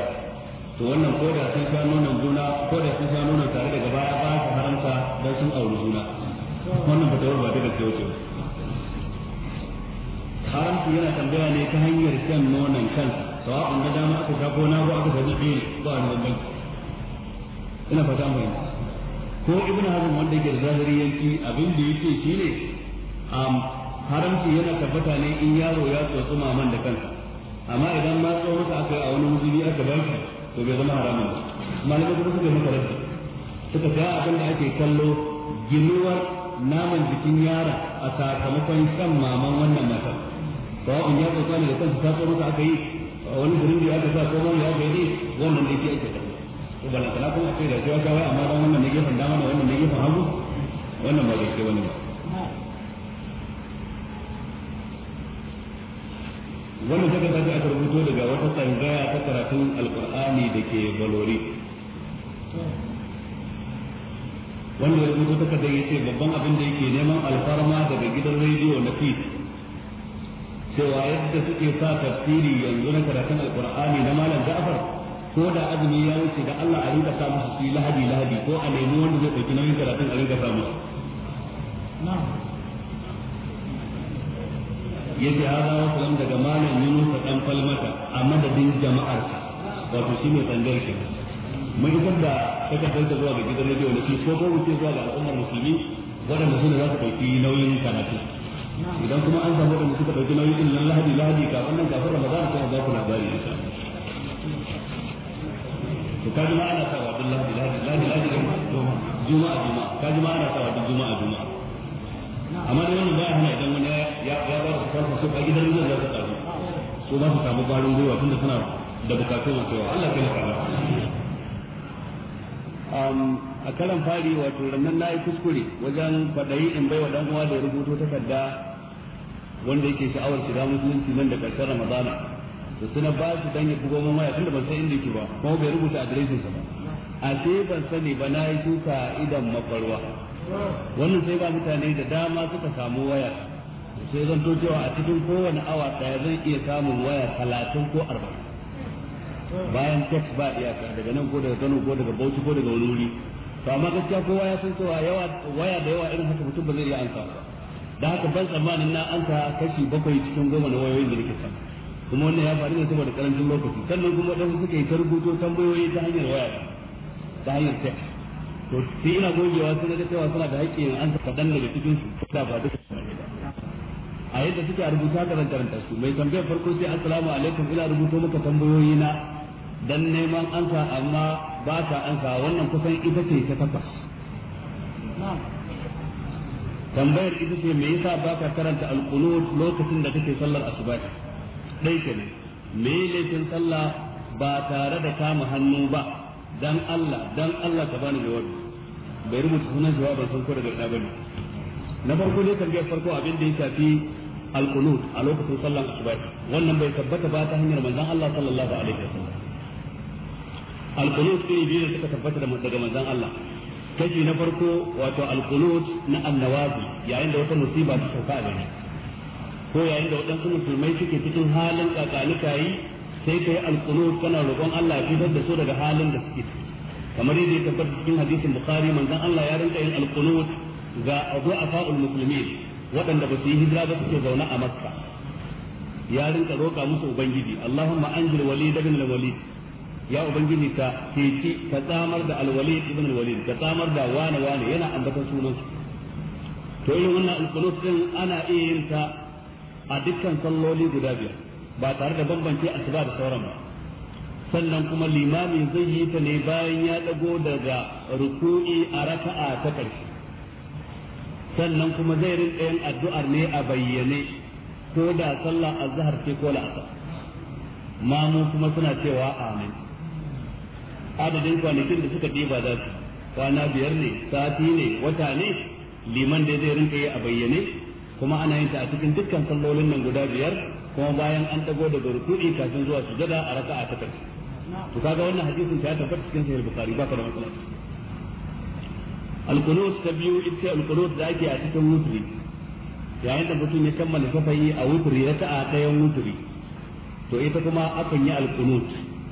to wannan ko da sun sha nonon juna ko da sun sha nonon tare daga baya ba su haramta dan sun auri juna wannan ba tawar ba ta gaske wuce haramci yana tambaya ne ta hanyar shan nonon kan sawa'un na dama aka sha ko na ko aka sha biyu ba wani bambanci ina fata mai ko ibnu hazm wanda yake zahiri yanki abin da yake shine haramci yana tabbata ne in yaro ya tsotsi maman da kansa amma idan ma tsohon aka yi a wani musulmi aka bar shi to bai zama haramun ba malamai kuma suka maka rabbi suka ga abin da ake kallo ginuwar naman jikin yara a sakamakon shan maman wannan ba sawa'un ya tsotsa ne da kansu ta tsoro ta aka yi wani gurin da aka sa ko ya aka yi wannan ne yake ake kallo to kana kuma a ce da cewa kawai amma dan wannan ne gefen dama da wannan ne gefen hagu wannan ba zai gaske wani ba wannan takarda da aka rubuto daga wata tsangaya ta karatun alkur'ani da ke balori wanda ya rubuto takarda ya ce babban abin da yake neman alfarma daga gidan rediyo na fit cewa yadda suke sa tafsiri yanzu na karatun alkur'ani na malam ja'far ko da azumi ya wuce da Allah a rinka su lahadi lahadi ko a nemi wanda zai ɗauki nauyin karatun a rinka sa musu yake hada wa kullum daga malam Yunus dan falmata a madadin jama'ar wato shi mai tsangar shi mun isar da takardar da zuwa ga gidan radio na shi ko babu ce zuwa ga al'ummar musulmi waɗanda suna za su ɗauki nauyin karatu idan kuma an samu waɗanda suka ɗauki nauyin ɗin nan lahadi lahadi kafin nan kafin ramadan kuma za ku labari insha to kaji ma ana sawa duk lahadi lahadi lahadi juma'a juma'a kaji ma ana sawa duk juma'a juma'a amma da wannan ba hana idan wani ya ya ba su kansa su ba gidan zai zai su su za su samu ƙwarin gwiwa tunda suna da bukatun masu allah Allah kai maka a karan fari wato rannan na yi kuskure wajen kwaɗayi in baiwa dan uwa da rubuto takarda wanda yake sha'awar shiga musulunci nan da karshen ramadana da suna ba su dan ya bugo mamaya waya tunda ban san inda yake ba kuma bai rubuta adireshin sa ba a sai ban sani ba na yi tuka idan makwarwa wannan sai ba mutane da dama suka samu waya sai zan to cewa a cikin kowane awa daya zai iya samun waya talatin ko arba'in bayan text ba iyaka daga nan ko daga Kano ko daga Bauchi ko daga wani wuri to amma gaskiya ko waya sun cewa yawa waya da yawa irin haka mutum ba zai iya ansa ba da haka ban tsammanin na ansa kashi bakwai cikin goma na wayoyin da nake samu kuma wannan ya faru ne saboda karancin lokaci sannan kuma wadansu suka yi ta rubuto tambayoyi ta hanyar waya ta hanyar text to sai ina gogewa sun ga cewa suna da haƙƙin an kaɗan daga cikin su da ba duka ne. a yadda suke rubuta karan karanta su mai tambayar farko sai assalamu alaikum ina rubuto maka tambayoyi na dan neman ansa amma ba ta ansa wannan kusan ita ce ta takwas tambayar ita ce me yasa ba ka karanta alqunut lokacin da kake sallar asuba dai kenan me laifin sallah ba tare da kama hannu ba dan Allah dan Allah ka bani jawabi bai rubuta sunan shi ban san ko daga ina bane na farko dai tambayar farko abin da ya shafi alqunut a lokacin sallan asuba wannan bai tabbata ba ta hanyar manzon Allah sallallahu alaihi wasallam alqunut sai biyu suka tabbata daga manzon Allah kashi na farko wato alqunut na annawazi yayin da wata musiba ta sauka a gari ko yayin da wadansu musulmai suke cikin halin kakalika yi sai kai alqunut kana roƙon Allah ya fitar da su daga halin da suke kamar yadda ya tabbata cikin hadisin bukhari manzon Allah ya rinka yin alqunut ga adu'afa'ul muslimin waɗanda ba su yi hijira ba suke zauna a makka ya rinka roƙa musu ubangiji allahumma anjil walid ibn al-walid ya ubangiji ka ceci ka tsamar da al-walid ibn al-walid ka tsamar da wane wane yana ambatan sunan su to yin wannan alqunut din ana iya yin ta a dukkan salloli guda biyar ba tare da bambance asuba da sauran ba sannan kuma limami zai yi ta ne bayan ya dago daga ruku'i a raka'a ta ƙarshe sannan kuma zai rinka yin addu'ar ne a bayyane ko da sallah azhar ce ko la'asar mamu kuma suna cewa amin adadin kwanakin da suka ɗiba za su kwana biyar ne sati ne wata ne liman da zai rinka yi a bayyane kuma ana yin ta a cikin dukkan sallolin nan guda biyar kuma bayan an dago daga ruku'i kafin zuwa sujada a raka'a ta ƙarshe to kaga wannan hadisin ya tabbata cikin sahih bukhari ba ka da matsala alqunut ta biyu ita alqunut da ake a cikin wutri yayin da mutum ya kammala safai a wutri a ɗayan wutri to ita kuma akan yi alqunut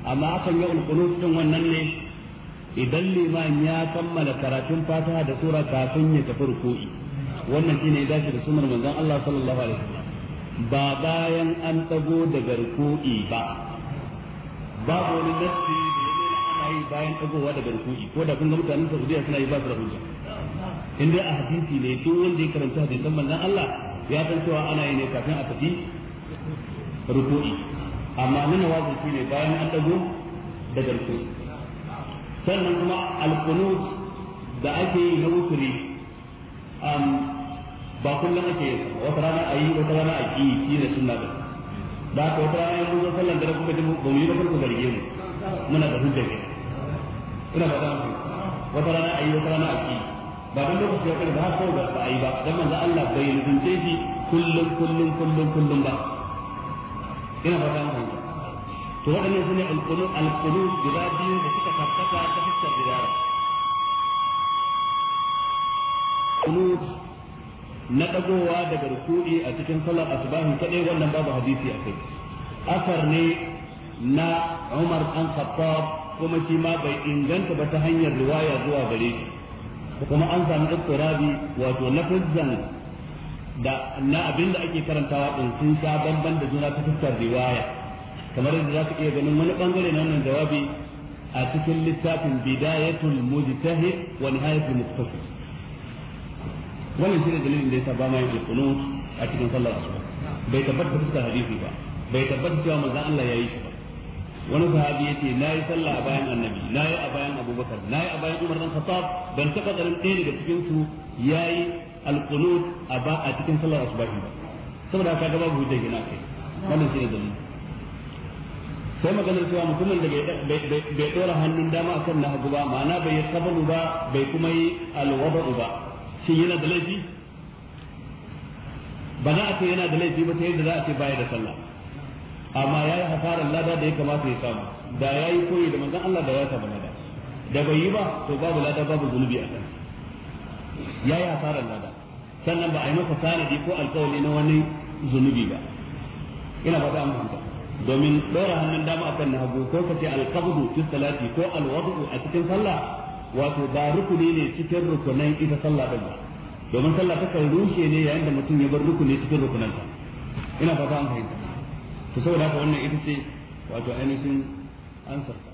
amma akan yi alqunut din wannan ne idan liman ya kammala karatun fataha da sura kafin ya tafi ruku'i wannan shine ya dace da sunan manzon Allah sallallahu alaihi wasallam ba bayan an tago daga ruku'i ba babu wani nassi da ya ana yi bayan dagowa daga ruku'i ko da kun ga mutanen Saudiya suna yi ba su da hujja in dai a hadisi ne duk wanda ya karanta san manzon Allah ya san cewa ana yi ne kafin a tafi rukuki amma nuna wajibi ne bayan an dago daga ruku'i sannan kuma alqunut da ake yi na wuturi ba kullum ake yi wata rana a yi wata rana a yi shi ne sunna da da ka wata rana mun sallan dare kuka ji ba mu yi ba zarge mu muna da hujja ke ina ba dan wata rana ayi wata rana aki ba dan lokaci ya kare ba har ba ayi ba dan manzo Allah bai zunce shi kullum kullum kullum kullum ba ina ba dan to waɗannan sune ne alqulu guda biyu da suka tabbata ta fuskar bidara qulub na dagowa daga ruku'i a cikin salar asbahi kaɗai wannan babu hadisi a kai asar ne na Umar dan Khattab kuma shi ma bai inganta ba ta hanyar riwaya zuwa gare shi kuma an samu iktirabi wato lafazan da na abinda ake karantawa din sun sha bamban da juna ta fuskar riwaya kamar yadda za ka iya ganin wani bangare na wannan jawabi a cikin littafin bidayatul mujtahid wa nihayatul muqtasid wannan shine dalilin da yasa ba ma yin alqunut a cikin sallar asuba bai tabbata fuskar hadisi ba bai tabbata cewa manzon Allah yayi shi ba wani sahabi yace nayi sallah a bayan annabi nayi a bayan abubakar nayi a bayan umar dan khattab ban taba garin ɗaya daga cikin su yayi alqunut a ba a cikin sallar asuba ba saboda ka ga babu hujja gina kai wannan shine dalilin sai maganar cewa mutumin da bai dora hannun dama akan na hagu ba ma'ana bai yi kabalu ba bai kuma yi alwaba'u ba shin yana da laifi ba za a ce yana da laifi ba ta yadda za a ce baya da sallah amma ya yi hasarar lada da ya kamata ya samu da ya yi koyi da manzan Allah da ya samu lada da bai yi ba to babu lada babu zunubi a kan ya yi hasarar lada sannan ba a yi masa sanadi ko alkawali na wani zunubi ba ina ba ta amfanta domin ɗora hannun dama akan na hagu ko ka ce alkabdu fi salati ko alwadu a cikin sallah wato ba rukuni ne cikin rukunan ita sallah din ba domin sallah ta kan rushe ne yayin da mutum ya bar rukuni cikin rukunan sa ina fata an fahimta to saboda haka wannan ita ce wato ainihin ansar